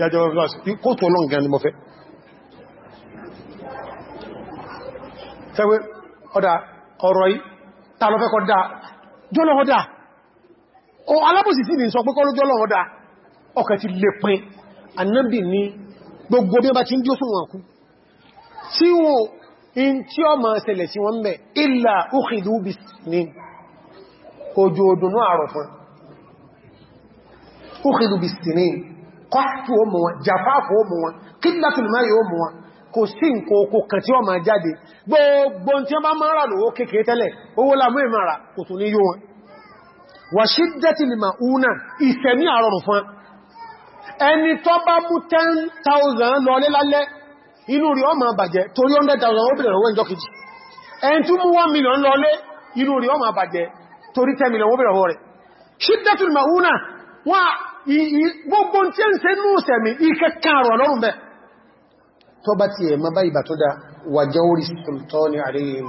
yàjọba fúláṣì kóòtù ọlọ́run gan ni mo fẹ́ tẹ́wẹ́ ọ̀dà ọ̀rọ̀ yìí ta lọ fẹ́ kọ́ dáa jọ́lọ́wọ́ dáa o alábòsì tí ìrìn sọ pé kọ́lọ́ jọ́lọ́wọ́ dáa ọkẹ̀ ti lè pin annabi ni gbogbo bí ó bá ti ń dí òsùn wọn kú tí wọ́n in kọ́tù ọmọ wọn jàfáàfù ọmọ wọn kidnapping mari ọmọ wọn kò sí nǹkan oko kan tí wọ́n máa jáde gbogbo tí wọ́n bá máa rà lówó kékeré tẹ́lẹ̀ owó lámú ìmọ̀ra kò tún ní yóò wọn wà sí jẹ́tìlìmà una ìsẹ̀mí àrọ̀rùn fún ẹni tó bá mú 10,000 100,000 gbogbo tí ń ṣe ní ìsẹ̀mí ìkẹkàrọ̀ lọ́rùn bẹ́ tó bá ti ẹ̀mọ́ bá ìbà tó dá wàjọ́ orí sultani àríyìn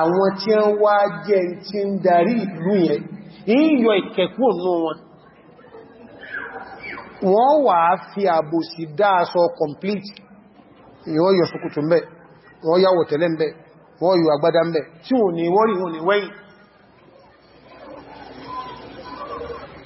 àwọn tí ń wá jẹ́ tí ń darí ìlú yẹn yíyọ ìkẹkù nù wọn wọ́n wà fi àbòsí complete ìwọ́yọ̀ sókùtù mẹ́ wọ́n yáwọ̀ tẹ́lẹ̀ mẹ́ wọ́n yọ àgbádá mẹ́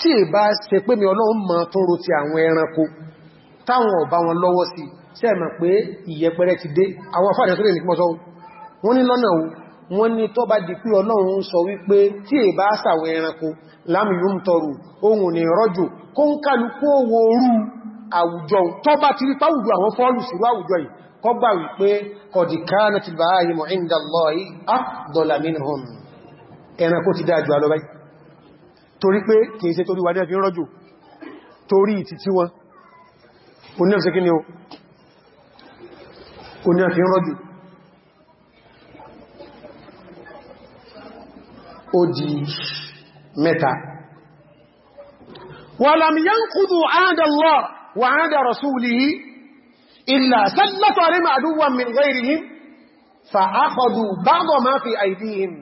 tí è bá ṣe pé mi ọlọ́run mọ̀ tó ro ti àwọn ẹranko táwọn ọba wọn lọ́wọ́ sí sẹ́ẹ̀mọ̀ pé ìyẹpẹrẹ ti dé àwọn afáàdẹ̀ tó lè ní pọ́sọ́ wọ́n ní lọ́nà wọ́n ní tó bá di pé ọlọ́run sọ wípé tí è sàwọn ẹranko lámì yóò ti rí páwùjọ alọ́báyìí torí pé kìí ṣe torí wàdẹ́ fi ń rọ́jò torí ìtì tí wọn oníẹ̀fẹ́ kí ni o oníẹ̀fẹ́ ń rọ́jò ó di mẹ́ta wà lámìyà ń kúrò àádà Allah wà àádà rasulihi illa sallatu alayhim aduwwan ma fi aydihim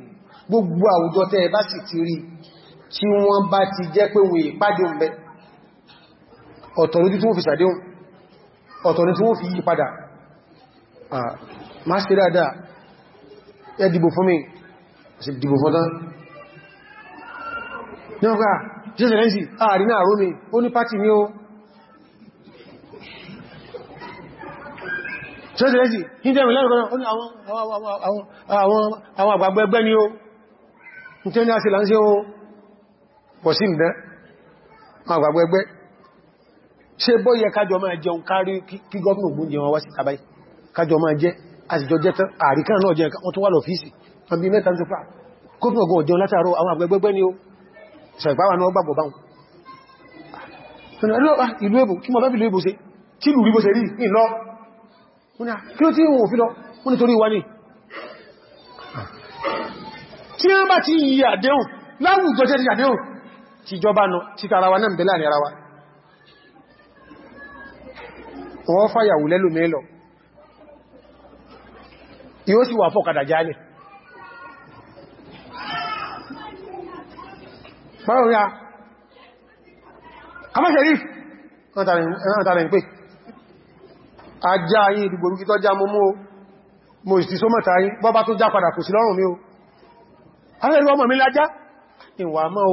gbogbo tí wọ́n bá ti jẹ́ pé wọ́n ìpàdé ọ̀bẹ̀ ọ̀tọ̀lú tí wọ́n fi sàdéhùn ọ̀tọ̀lú tí wọ́n fi yí padà máa ṣe dáadáa ẹ dìbò fún mi ṣe dìbò fún tán ní ọgá jésẹ̀ rẹ́nsì ààrin náà rómi ó ní pàtí ní ó jésẹ̀ rẹ́nsì kí jẹ́ ìrìnlẹ́rìn kan àwọn àgbàgbẹ́gbẹ́ ni ó ní tẹ́ ní àṣìlá ń ṣe ó pọ̀ sí ǹdẹ́ máa gbàgbọ́ ẹgbẹ́ ṣe bó yẹ kájọ máa jẹun kárí kí gọ́ọ̀nà ògbó jẹun wá sí tàbáyì kájọ máa jẹ àtijọ́ jẹ́ tán àríkàn náà jẹun wọ́n tó wà lọ́fíìsì wọ́n bí mẹ́ta ń sọpá gómìnà ogun ọ̀jọ́ látàrọ àwọn àgbẹ̀gbẹ́gbẹ́ ni ó ṣàìpáwà náà gbàgbọ́ báwọn ìlú èbò kí mọ̀ àdéhùn láwùjọ jẹ́ àdéhùn ti jọba nù tí tara wa náà bẹ̀lá ní ara wa wọ́n fàyàwó lẹ́lò mẹ́lọ yóò sì wà fọ́kàdà jálẹ̀ báwọn ya amáṣẹ́rí ọ̀tàrẹ̀ ń pè ajá yìí ìdìgbò rúkítọ́ já mọ́ mọ́ mo ìsì só mọ́ta yìí bọ́bá tó já padà kò sí lọ́rùn mi o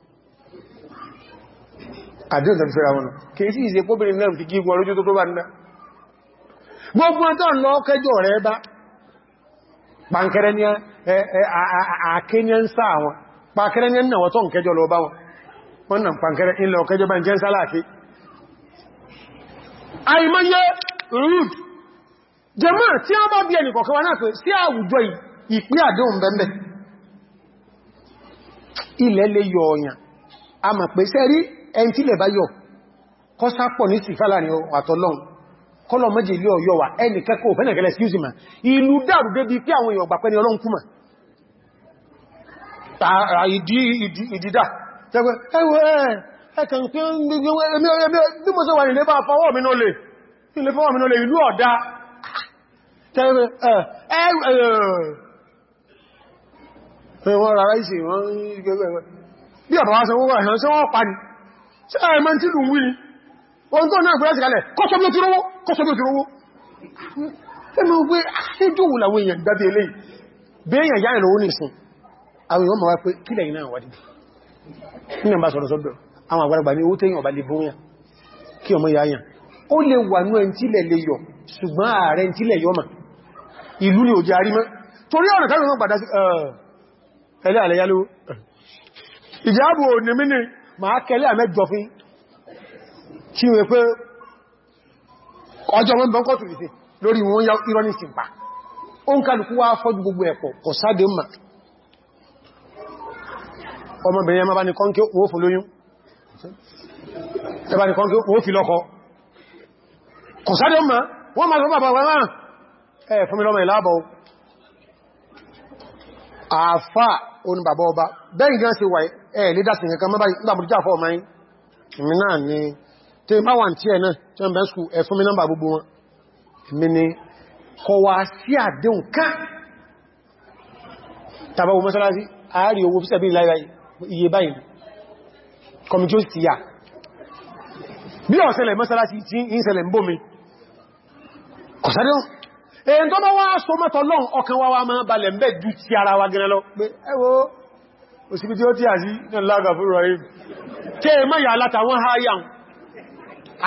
àdéhùn tàbí fẹ́ra wọn kìí sí ìse póbìnrin náà fi gígun ọlójú tó tó bá níná gbogbo ọ̀tọ́ lọ kẹjọ rẹ bá pàǹkẹrẹ ní àkẹni ń sá àwọn pàǹkẹrẹ ní ẹ̀nà wọ́tọ́ kẹjọ lọ bá wọn wọ́n nà pàǹkẹrẹ ilẹ̀ ọkẹjọ bá ń jẹ́ sálàkí àìmọ́yẹ rúd jẹmọ́ tí a bá bí ẹnì kọ̀ọ̀kan wá lè yọ ọ̀yàn a mọ̀ pé sẹ́rí ẹni tí lè bá yọ kọ́ sápọ̀ ní sí fàlàní àtọ́lọ́un kọ́lọ̀ méje ilé ọ̀yọ́ wà ẹni kẹ́kọ́ òfẹ́nẹ̀gẹ́lẹ̀ excuse me ìlú dàrú débi pé àwọn èèyàn gbàpẹ́ ni ọlọ́run kúmà ìdídà tẹ́gbẹ́ ẹwẹ́ ẹ̀kàn pé bí mo ṣe wà nílé bá fọwọ́ mi náà lè ìlú ọ̀dá tẹ́gbẹ́ ẹ̀wẹ́ wọ́n rárá ìsìn wọ́n bí ọ̀pọ̀ wá sọ wọ́n ṣe àìmọ́ tí lù ń wí ni ohun tó náà fúrẹ́sì kalẹ̀ kọ́sọ́ bí ó ti rówó kọ́sọ́ bí ó ti rówó ẹnu pé àṣíjòwò ah, làwọn èèyàn dábí ilé béèyàn yá ìrọ̀wó ní ìsìn àwọn èèyàn ma wá pé kílẹ̀ iná wà dìbò nínú bá sọ̀rọ̀ sọ́dọ̀ àwọn àgbàlagbà ní ó tẹ́yìn ọba lè bóyàn kí ọmọ yá yàn ṣùgbọ́n ààrẹ ń tílẹ̀ yọ́mà ìlú ni òjì arímọ́ torí ọ̀nà tàbí wọn padà sí ẹlẹ́ àlẹ́yálówó ìjábò òní máa kẹlẹ́ àmẹ́jọ fi kí wọ́n pé ọjọ́ wọn bọ́n kọ́tù ìfẹ́ lórí wọn yá irọ́ ní ìsìnpá ó ń kàlùkú wá fọ́jú gbogbo ẹ̀pọ̀ kò sáde mà ọmọbìnrin ẹmà bá ní kọ́nkẹ́ owó fún lóyún ẹbá ní kọ́nkẹ́ owó fi lọ́kọ kò sáde mà wọ́n máa sọ́bà bàbá náà ah, ẹ̀ fún mi lọ́mọ ìlàbọ̀ àfà oní bàbá ọba bẹ́ẹ̀ gan ṣe wáyé ẹ̀ lè dá sí nǹkan mọ́ báyìí nígbà mọ̀dújá fọ́ ọmọ yìí náà ni tí ma wà tí ẹ̀ náà tí wọ́n bẹ̀ skú ẹ fún mi nọ́mbà gbogbo wọn mi ni kọ wá sí àdéhùn ká tàbáwò mọ́sálásí àárí owó fíṣẹ̀bí iye báyìí kọmíjó ti yà bí ọ̀sẹ̀lẹ̀ mọ́sálásí tí ìṣẹ̀lẹ̀ ń bó mi kọ̀sádéhùn èyí tó bá wá so mọ́tọ̀ lọ́n ọkàn wá wá máa balẹ̀ ń ju ti ara wa gẹ́rẹ́ lọ pé ẹwọ́ òsìkú tí ó tí àzí náà lága fún rọrí kí ẹ máa yà látàwọn àyà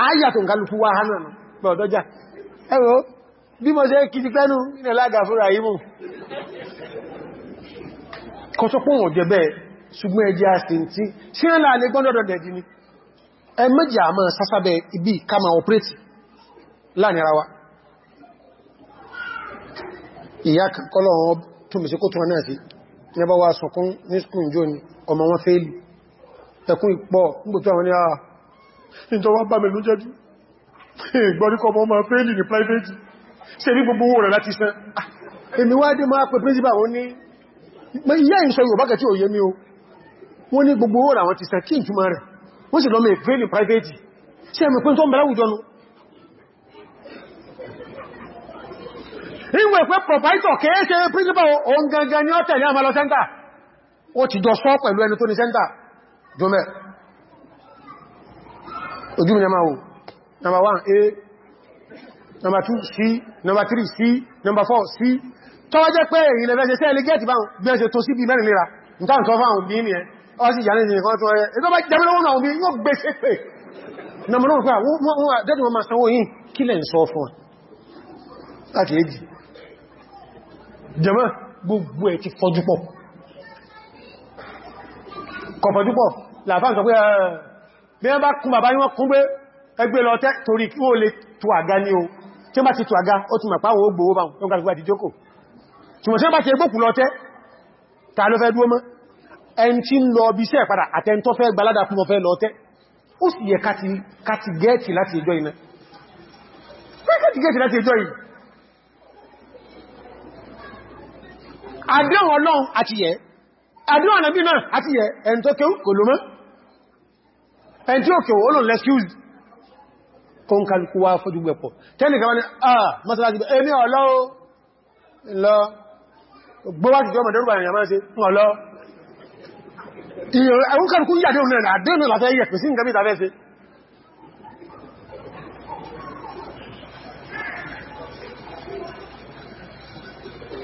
àyà tó ń kálùkú wá hánà pọ̀dọ́jà ẹwọ́ bí mo ṣe kìí pẹ́nu náà lága fún rọrí mú tó pọ̀ ibi kama operate láàrin ara wa ìyá kọlọ̀ tún mẹ́sẹ̀kó tún wọn náà sí níbọ̀ wa sọkún ní skùn jò ní ọmọ wọn fẹ́lì ẹkún ìpọ̀ nígbòtí àwọn ní àà ah, ìjọwà bá mẹ́lú jẹ́dú ìgbọ́ríkọ ọmọ ọmọ fẹ́lì ní private ṣe ní gbogbo owó rẹ̀ láti sẹ́ ah, èmi wá dé máa pẹ̀ principal ó ní ìyá ìṣọ Yorùbá kẹtí òye mi o wọ́n ní private ṣe ẹ̀mì pín tó ń ìwẹ̀ pé proprietor kéèṣe principal ohun gangan ní ọ́tẹ̀ ní àmàlọ sẹ́ntà ó ti jọ sọ pẹ̀lú ẹni tó ní sẹ́ntà jọmẹ́ ojú mi náà wò number one a number two c number three c number four c tọ́wọ́ jẹ́ pé èyí lẹ́fẹ́ sẹ́ẹ̀lẹ́ gẹ́ẹ̀tì báhùn gbẹ́ẹ̀ṣẹ̀ tó sí bí mẹ́rin lera nǹkan tó fáhùn bí ní ẹ ọ́sì ìyàní ìyẹn kan tó ẹ ẹgbẹ́ bá jẹ́mẹ́lẹ́ wọn àwọn bí yóò gbẹ́ẹ̀ṣẹ́ pé nàmọ̀lọ́pàá wọ́n wọ́n dẹ́dùn wọn máa sanwó yìí kílẹ̀ ń sọ fún wọn láti èjì jẹmọ́ gbogbo ẹ̀ ti fọjúpọ̀ kọfọjúpọ̀ làfáàkà pé ah, bí wọ́n bá kún bàbá yín wọ́n kún pé ẹgbẹ́ lọ tẹ́ torí kí ó lè tó àga ní o tí wọ́n bá ti tó àga ó ti màpá owó gbòó báwọn tó ń gbàgbà àdíjókò ṣùgbọ́n tí wọ́n bá ti ẹgbókù lọ tẹ́ ta ló fẹ́ dúó mọ́ ẹn tí ń lọ bí iṣẹ́ padà àtẹntọ́ fẹ́ gbalada fún ọfẹ́ lọ tẹ́ ó sì yẹ káti gẹ́ẹ̀tì láti ìjọ ìná àdéhùn ọlọ́run àti yẹ àdéhùn ànàbí náà àti yẹ ẹni tó kéwú kò ló mọ́ ẹni tí ó kéwú olóòrùn lẹ́skúùs kó ń kálukú wá fojú gbẹ̀pọ̀ tẹ́nìkan wọ́n ni ah mọ́sálásí ẹni ọlọ́run lọ gbówá ti jọmọ̀ dẹ́rùbà ìrìnàmá ṣe ọlọ́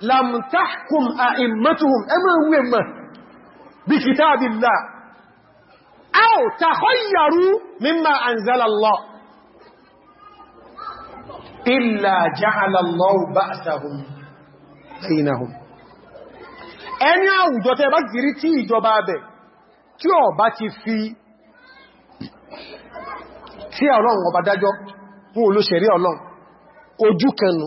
lam tahkum a'immatuhum ẹmọ ìwé mọ̀ bí kitabillah aw tahayyaru mimma anzala Allah illa ja'ala Allah ba'sahum bainahum ẹni àwùjọ tẹ bá gírí tí ìjọba abẹ tí ó bá ti fi tí ọlọ́run ọba dájọ́ fún olóṣèrí ọlọ́run ojú kẹnu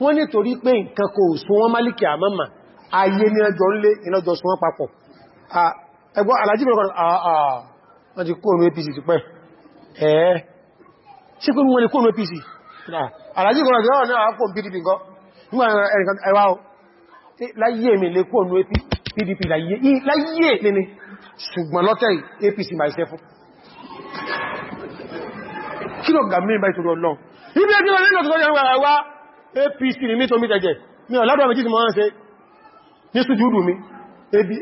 wọ́n ní torí pé nǹkan kò sún wọ́n málìkì àmọ́mà ayé ní ọjọ́ ń lé ìlọ́jọ́ sún wọ́n papọ̀ ẹgbọ́n alájí mẹ́rọ wọ́n ti kóònù APC ti pẹ́ ẹ̀ẹ́ ṣe pé wọ́n ni kóònù APC alájí mẹ́rọ kí lọ gàmí ìbá ìtòrò ọlọ́run ibi ẹgbẹ́ ọlọ́run tó tọ́jọ́ ẹwà apc ni mí tó mí tẹ̀jẹ̀ mi ọ̀ ládọ́ méjì tí mo wọ́n ṣe ní sùjúdù mi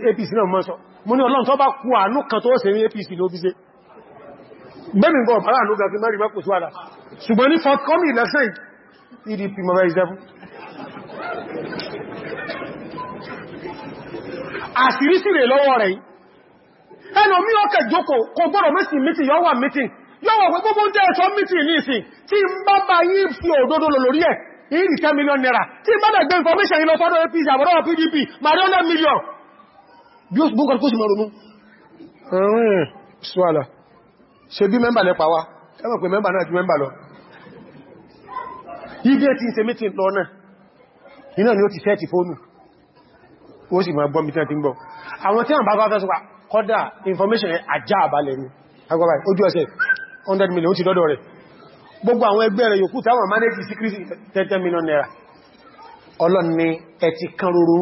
apc náà mọ́ sọ mo ní ọlọ́run tó bá kú àánú kan tó ṣe ní apc ló fi ṣe bẹ́mì ń bọ̀ bàrá àánú gàfí mẹ́rin mẹ́kù síwára ṣùgbọ́n ní fọ́t kọ́mì lẹ́sẹ̀ ìdìpì mọ̀ bẹ́ẹ̀ ìṣẹ́fún àṣírí sí rẹ̀ lọ́wọ́ rẹ̀ ẹnà mí ọkẹ̀ jókò kò gbọ́rọ̀ mẹ́sìn mítì yọ́wà mítì yọ́wà pẹ́ gbogbo jẹ́ ẹ̀ṣọ́ mítì ní ìsìn tí ń bá bá yí fi òdodo lò lórí ẹ̀ ìrì 10 million naira tí bá bẹ̀gbẹ̀ information ilọ̀ fọ́dọ̀ APC àbọ̀dọ̀ PDP mariana million bí ó gbọ́nkọ̀ kó sì mọ̀ ronú ọ̀rìn ṣwàlá ṣe bí mẹ́mbà lẹ́pa wá ẹmọ̀ pé mẹ́mbà náà ju mẹ́mbà lọ ibi tí ń ṣe meeting lọ náà iná ni ó ti fẹ́ ti fóònù ó sì máa gbọ́n bí tí ń gbọ́ àwọn tí wọ́n bá fẹ́ sọpá kọ́dà information ajá àbálẹ̀ ni agbọ́bá ojú ọ̀sẹ̀ 100 million ó ti dọ́dọ̀ rẹ̀ gbogbo àwọn ẹgbẹ́ rẹ̀ yòókù táwọn manage secret 10 million naira ọlọ́ni ẹ ti kan rúrú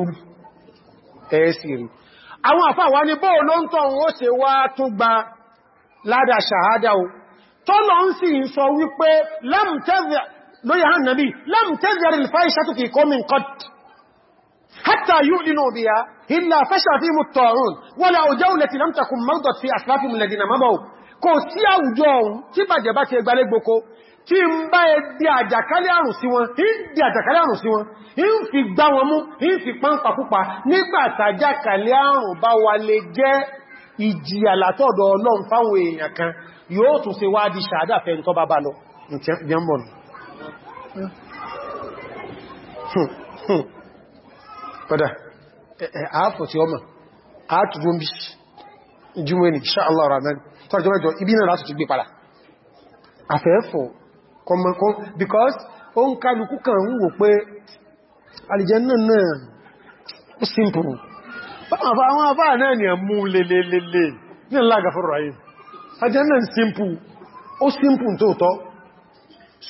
ẹ̀ẹ́sì rí àwọn àfáà wá ní bóò ló ń tọ́ ó ṣe wá tún gba ládà ṣàhádà o tọ́lọ ń sì ń sọ wípé lóyà kò sí àwùjọ ohun tí bàjẹ̀ bá ti ẹgbàlẹ́gbòkó tí ń bá ẹdí àjàkálẹ̀ àrùn sí wọn dí àjàkálẹ̀ àrùn sí wọn ń fi gbá wọn mú ń fi pánpà púpa nígbàtà àjàkálẹ̀ àrùn bá wà lè jẹ́ ìjìyà ọlọ́run fáwọn èèyàn kan yóò tún ṣe wá di ṣàádà fẹ́ntọ́ kọmọkún because ó ń kálukú kan ń wò pé alìjẹ́nà náà ó simple àwọn afá náà ni a mú lelelele ní lága fọ́rọ̀ ayé alìjẹ́nà simple ó simple tóòtọ́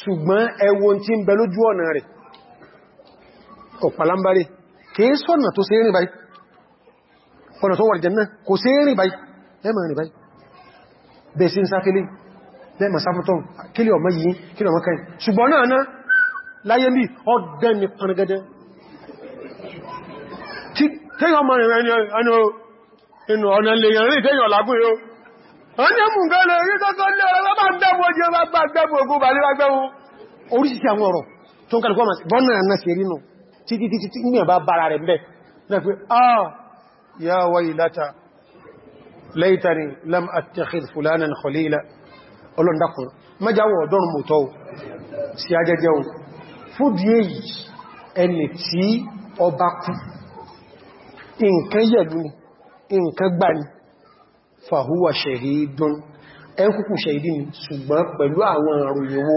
ṣùgbọ́n ẹwọ tí ń bẹ lójú ọ̀nà rẹ̀ ọ̀pàlámbárí kìí sọ́nà tó ṣe rìn báyìí ọ̀nà tó wà alìjẹ́nà kò ṣe rìn báyìí ẹ lẹ́mọ̀ sáfútọ́ kílẹ̀ ọmọ yìí kílẹ̀ ọmọ kẹrin ṣùgbọ́n náà náà láyé bí ọdẹ́ ni panagẹ́dẹ́ tẹ́yàn ọmọ rẹ̀ ẹni inú ọ̀nà lè yàn rí tẹ́yàn lágún yóò wọ́n ní mú gẹ́lẹ̀ rí tọ́tọ́ lé ọ̀rọ̀ bá gbẹ́bù ojú bá gbá gbẹ́bù ogun lam attakhidh fulanan khalila ọlọ́ndakùn mẹ́jáwọ̀ ọ̀dọ́rùn mọ̀tọ́ sí ajẹ́jẹ́ ohun fúdí èyí ẹni tí ọba kú nǹkan yẹ̀lú nǹkan gbani fàhúwà ṣẹ̀hìdún ẹn kúkù ṣẹ̀hìdín ṣùgbọ́n pẹ̀lú àwọn àròyìnwó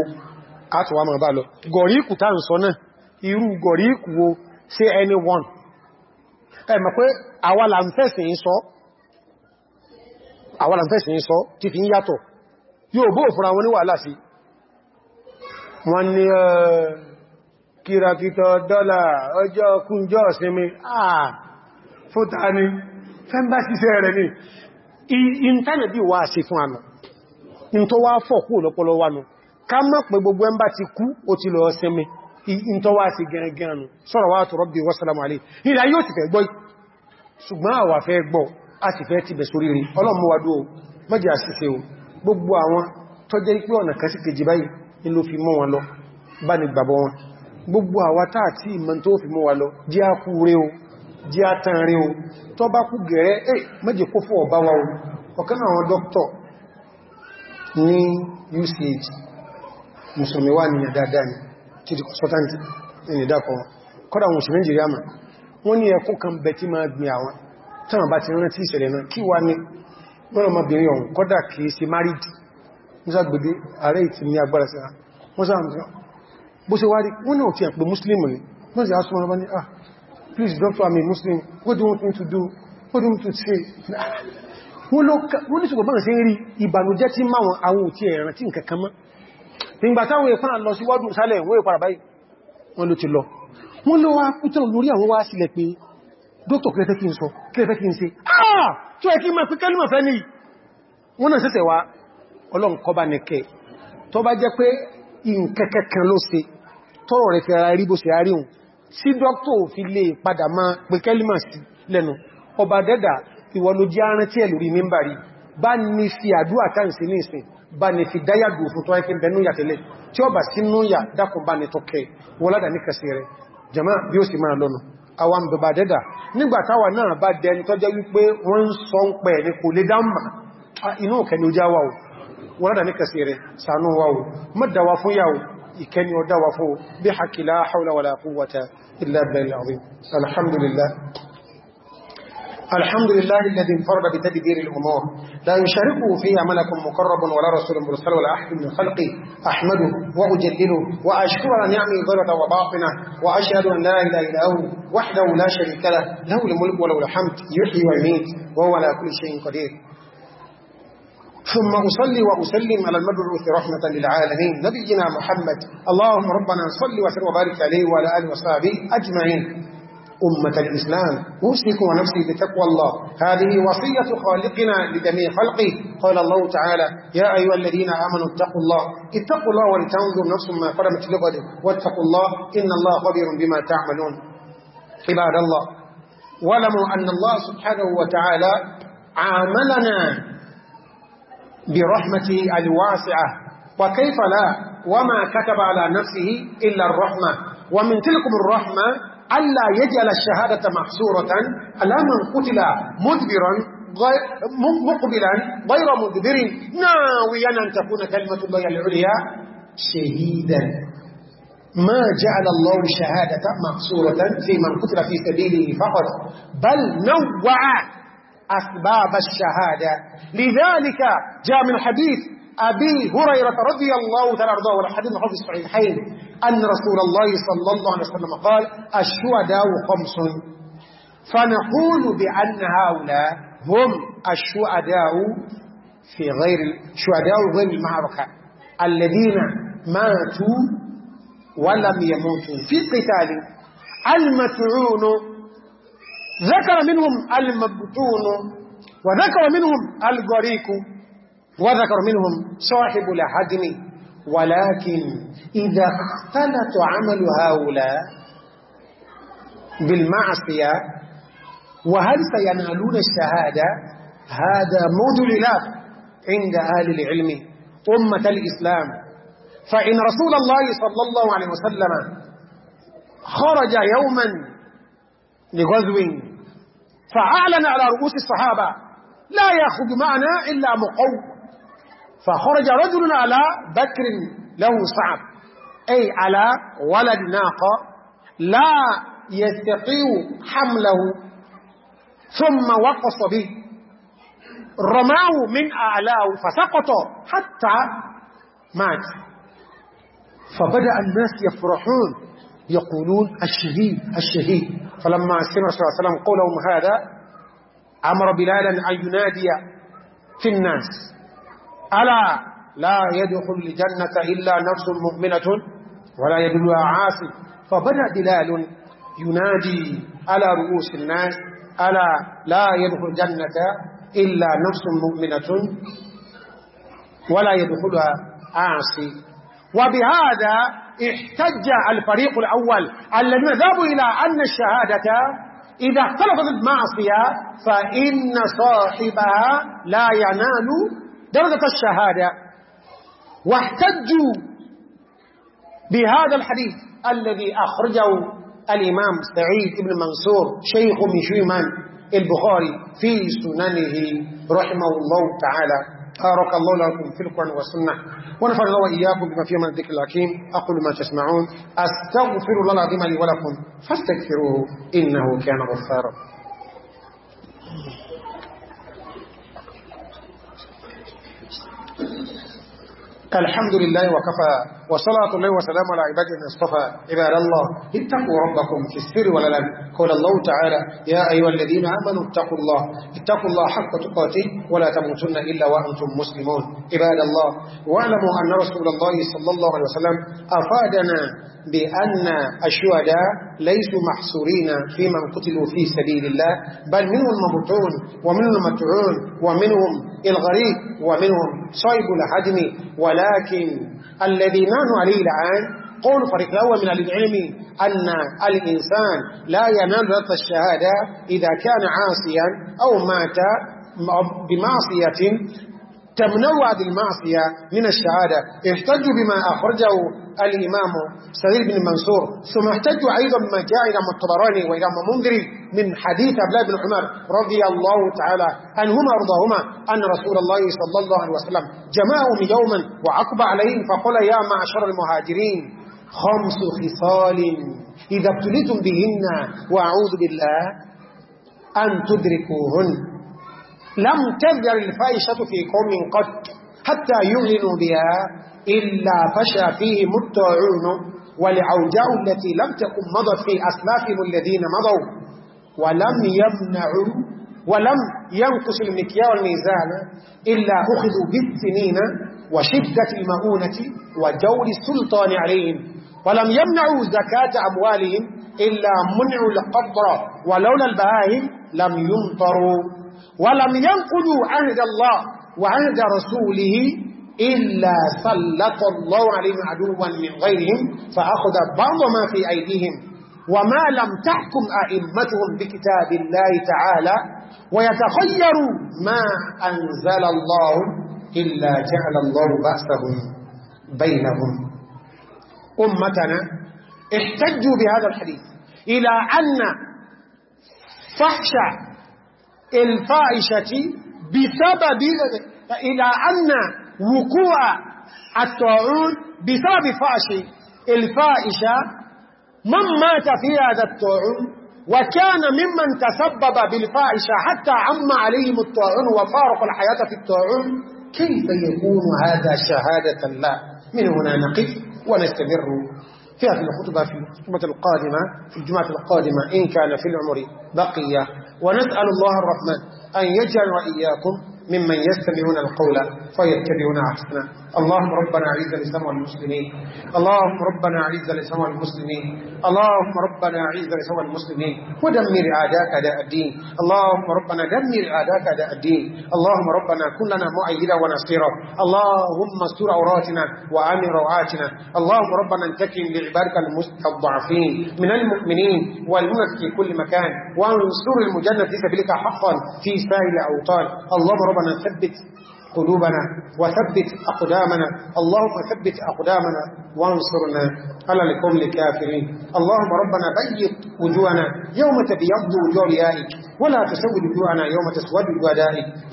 àtọwà máa bá lọ gọ̀ríkù tá ń sọ náà yóò bó fúnra wọn ní wàhálà sí wọ́n ní kìràkìtọ̀ dọ́là ọjọ́ kúnjọ́ sinmi àà fúta ni fẹ́mbá síṣẹ́ rẹ̀ ní ìntánà bí wà sí fún àmà in tó wá fọ̀kú lọ́pọ̀lọ́ wánu ká mọ́ pé gbogbo ẹmbá ti kú ó ti lọ sinmi in wá sí gẹ̀rẹ̀gẹ̀rẹ̀ wa salamu alayhi ìlà yóò ti fẹ́ gbọ́ ṣùgbọ́n àwa fẹ́ gbọ́ gbogbo àwọn tó jẹ́ pé ọ̀nà kan sí kejì báyìí ní fi mọ́ wọn lọ bá ní wọn gbogbo awa táà tí ìmọ̀ tó fi mọ́ wa lọ jẹ́ akú rẹ o ji atàn rẹ o tó bá kú gẹ̀rẹ́ ẹ̀ eh, méje kó fọ́ ọ̀bá wa o àwọn dókítọ̀ ní UCH musulmi wà ní dáadáa ni kan kí lọ́nà ọmọbìnrin ọ̀hún kọ́dà kìí ṣe márìdì musa gbede ààrẹ ìtì ní agbára sí musa bó ṣe wárí wọ́n náà ti ẹ̀pẹ̀ muslim ni wọ́n sì asúnmọ́ ọba ní ah please don't i'm me, muslim what do you want me to do what do you want me to say wọ́n ní ṣùgbọ́n sí rí ìbànújẹ́ tí máwọn àwọn òtí ẹ̀rẹ̀ tí nǹkan kan mọ́ nígbà táwọn èèkàn lọ sí wọ́dún sálẹ̀ wọ́n èèkàn báyìí wọ́n ló ti lọ wọ́n ló wá kútọ̀ lórí àwọn wá sílẹ̀ pé dókítà kí lẹ́fẹ́ kí n sọ kí lẹ́fẹ́ kí n ṣe àà ah! tó ẹ̀kí mọ̀ pí kẹ́lùmọ̀ fẹ́ ní wọ́n náà sẹ́sẹ̀ wá ọlọ́nkọba nìkẹ́ tó bá jẹ́ pé ìǹkẹ́kẹ́kan ló ṣe tọ́rọ̀ rẹ̀ fẹ́ra rí bó ṣe àríhùn tí dókítà fi lè padà máa pé kẹ́lùmọ̀ sí lẹ́nu ọba dẹ́dà ìwọ ló jẹ́ arán tí ẹ̀ lórí mímbàrí jama bí ó sì máa lọ́nà àwọn bàbá dẹ́dà nígbàtàwà náà bá dẹni tọ́jẹ́ wípé wọ́n ń sọ ń pẹ̀ ní kò lè dámà inú kẹni ojá wà wọ́n rádà ní kẹsì rẹ̀ sànú wà mọ́dáwà fún yàwó ìkẹni ọdáwà fún bí hakila haula wala quwwata illa billahi alhamdulillah الحمد لله الذي انفرد بتدبير الأمور لا يشاركه فيها ملك مقرب ولا رسول مرسل ولا أحد من خلقي أحمده وأجلله وأشكر أن يعمل ظهرة وباطنة وأشهد أن لا إله إلا هو وحده لا شريك له له الملك وله الحمد يحيي ويميت وهو على كل شيء قدير ثم أصلي وأسلم على المبعوث رحمة للعالمين نبينا محمد اللهم ربنا صل وسلم وبارك عليه وعلى آله وصحبه أجمعين أمة الإسلام أوصيك ونفسي بتقوى الله هذه وصية خالقنا لجميع خلقه قال الله تعالى يا أيها الذين آمنوا اتقوا الله اتقوا الله ولتنظر نفس ما قدمت لغده واتقوا الله إن الله خبير بما تعملون عباد الله ولموا أن الله سبحانه وتعالى عاملنا برحمته الواسعة وكيف لا وما كتب على نفسه إلا الرحمة ومن تلكم الرحمة ألا يجعل الشهادة محصورة ألا من قتل مدبرا مقبلا غير مدبر ناويا أن تكون كلمة الله العليا شهيدا ما جعل الله الشهادة محصورة في من قتل في سبيله فقط بل نوع أسباب الشهادة لذلك جاء من حديث أبي هريرة رضي الله تعالى عنه والحديث محفظ الصحيحين أن رسول الله صلى الله عليه وسلم قال الشهداء خمس فنقول بأن هؤلاء هم الشهداء في غير الشهداء غير المعركة الذين ماتوا ولم يموتوا في قتال المتعون ذكر منهم المبتون وذكر منهم الغريق وذكر منهم صاحب الهدم ولكن إذا اختلط عمل هؤلاء بالمعصية وهل سينالون الشهادة هذا موضع الخلاف عند أهل العلم أمة الإسلام فإن رسول الله صلى الله عليه وسلم خرج يوما لغزو فأعلن على رؤوس الصحابة لا يأخذ معنا إلا مقوم فخرج رجل على بكر له صعب أي على ولد ناقة لا يستطيع حمله ثم وقص به رماه من أعلاه فسقط حتى مات فبدأ الناس يفرحون يقولون الشهيد الشهيد فلما سمع صلى الله عليه وسلم قولهم هذا أمر بلالا أن ينادي في الناس ألا لا يدخل الجنة إلا نفس مؤمنة ولا يدلها عاصي فبدأ بلال ينادي على رؤوس الناس ألا لا يدخل الجنة إلا نفس مؤمنة ولا يدخلها عاصي وبهذا احتج الفريق الأول الذين ذهبوا إلى أن الشهادة إذا اختلفت المعصية فإن صاحبها لا ينال درجة الشهادة واحتجوا بهذا الحديث الذي أخرجه الإمام سعيد بن منصور شيخ من البخاري في سننه رحمه الله تعالى بارك الله لكم في القرآن والسنة ونفر الله وإياكم بما فيه من الذكر الحكيم أقول ما تسمعون أستغفر الله العظيم لي ولكم فاستغفروه إنه كان غفارا الحمد لله وكفى وصلاة الله وسلام على عباد المصطفى عباد الله اتقوا ربكم في السر ولا لن قال الله تعالى يا أيها الذين آمنوا اتقوا الله اتقوا الله حق تقاته ولا تموتن إلا وأنتم مسلمون عباد الله واعلموا أن رسول الله صلى الله عليه وسلم أفادنا بأن الشهداء ليسوا محصورين في من قتلوا في سبيل الله بل منهم المبتون ومنهم المتعون ومنهم الغريب ومنهم صيب الحدم ولكن الذي نعم عنه عليه العان قول فريق الأول من العلم أن الإنسان لا ينال رضا الشهادة إذا كان عاصيا أو مات بمعصية تمنع هذه المعصية من الشهادة احتجوا بما أخرجه الإمام سعيد بن منصور ثم احتج أيضا ما جاء إلى مطبراني وإلى منذري من حديث أبلاء بن عمر رضي الله تعالى أنهما أرضهما أن رسول الله صلى الله عليه وسلم جمعهم يوما وعقب عليهم فقال يا معشر المهاجرين خمس خصال إذا ابتليتم بهن وأعوذ بالله أن تدركوهن لم تذر الفائشة في قوم قد حتى يغلنوا بها إلا فشى فيهم متعون والعوجاء التي لم تكن مضت في أسلافهم الذين مضوا ولم يمنعوا ولم ينقص المكيال والميزان إلا أخذوا بالسنين وشدة المؤونة وجور السلطان عليهم ولم يمنعوا زكاة أموالهم إلا منعوا القبر ولولا البهائم لم يمطروا ولم ينقلوا عهد الله وعهد رسوله إلا سلط الله عليهم عدوا من غيرهم فأخذ بعض ما في أيديهم وما لم تحكم أئمتهم بكتاب الله تعالى ويتخير ما أنزل الله إلا جعل الله بأسهم بينهم أمتنا احتجوا بهذا الحديث إلى أن فحش الفائشة بسبب إلى أن وقوع الطاعون بسبب فاش الفائشة من مات في هذا الطاعون وكان ممن تسبب بالفائشة حتى عم عليهم الطاعون وفارق الحياة في الطاعون كيف يكون هذا شهادة الله من هنا نقف ونستمر في هذه الخطبة في الخطبة القادمة في الجمعة القادمة إن كان في العمر بقية ونسأل الله الرحمن أن يجعل وإياكم ممن يستمعون القول فيتبعون احسنه اللهم ربنا اعز لسان المسلمين اللهم ربنا اعز لسان المسلمين اللهم ربنا اعز لسان المسلمين ودمر اعداءك اعداء الدين اللهم ربنا دمر اعداءك اعداء الدين اللهم ربنا كن لنا مؤيدا ونصيرا اللهم استر عوراتنا وامن روعاتنا اللهم ربنا انتكم لعبادك المستضعفين من المؤمنين والمؤمنات في كل مكان وانصر المجند في سبيلك حقا في سائر الاوطان اللهم ربنا ثبت قلوبنا وثبت أقدامنا اللهم ثبت أقدامنا وانصرنا على لكم الكافرين اللهم ربنا بيض وجوهنا يوم تبيض وجوه أوليائك ولا تسود وجوهنا يوم تسود وجوه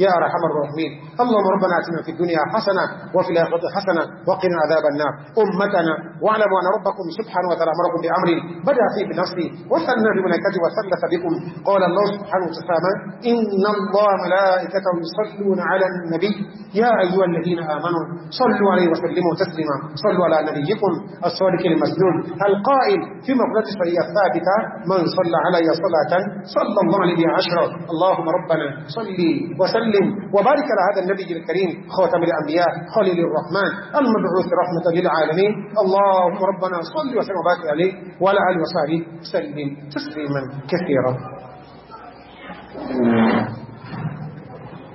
يا أرحم الراحمين اللهم ربنا أتنا في الدنيا حسنة وفي الآخرة حسنة وقنا عذاب النار أمتنا واعلموا أن ربكم سبحانه وتعالى أمركم بأمر بدأ فيه بالنصر وثنى بملائكته وثلث بكم قال الله سبحانه وتعالى إن الله ملائكته يصلون على النبي يا أيها الذين آمنوا صلوا عليه وسلموا تسليما صلوا على نبيكم الصادق المسلول القائل في مقلة الصحية الثابتة من صلى علي صلاة صلى الله عليه عشرة اللهم ربنا صلي وسلم وبارك على هذا النبي الكريم خاتم الأنبياء خليل الرحمن المبعوث رحمة للعالمين اللهم ربنا صلي وسلم وبارك عليه وعلى آله وصحبه سلم تسليما كثيرا Thank you.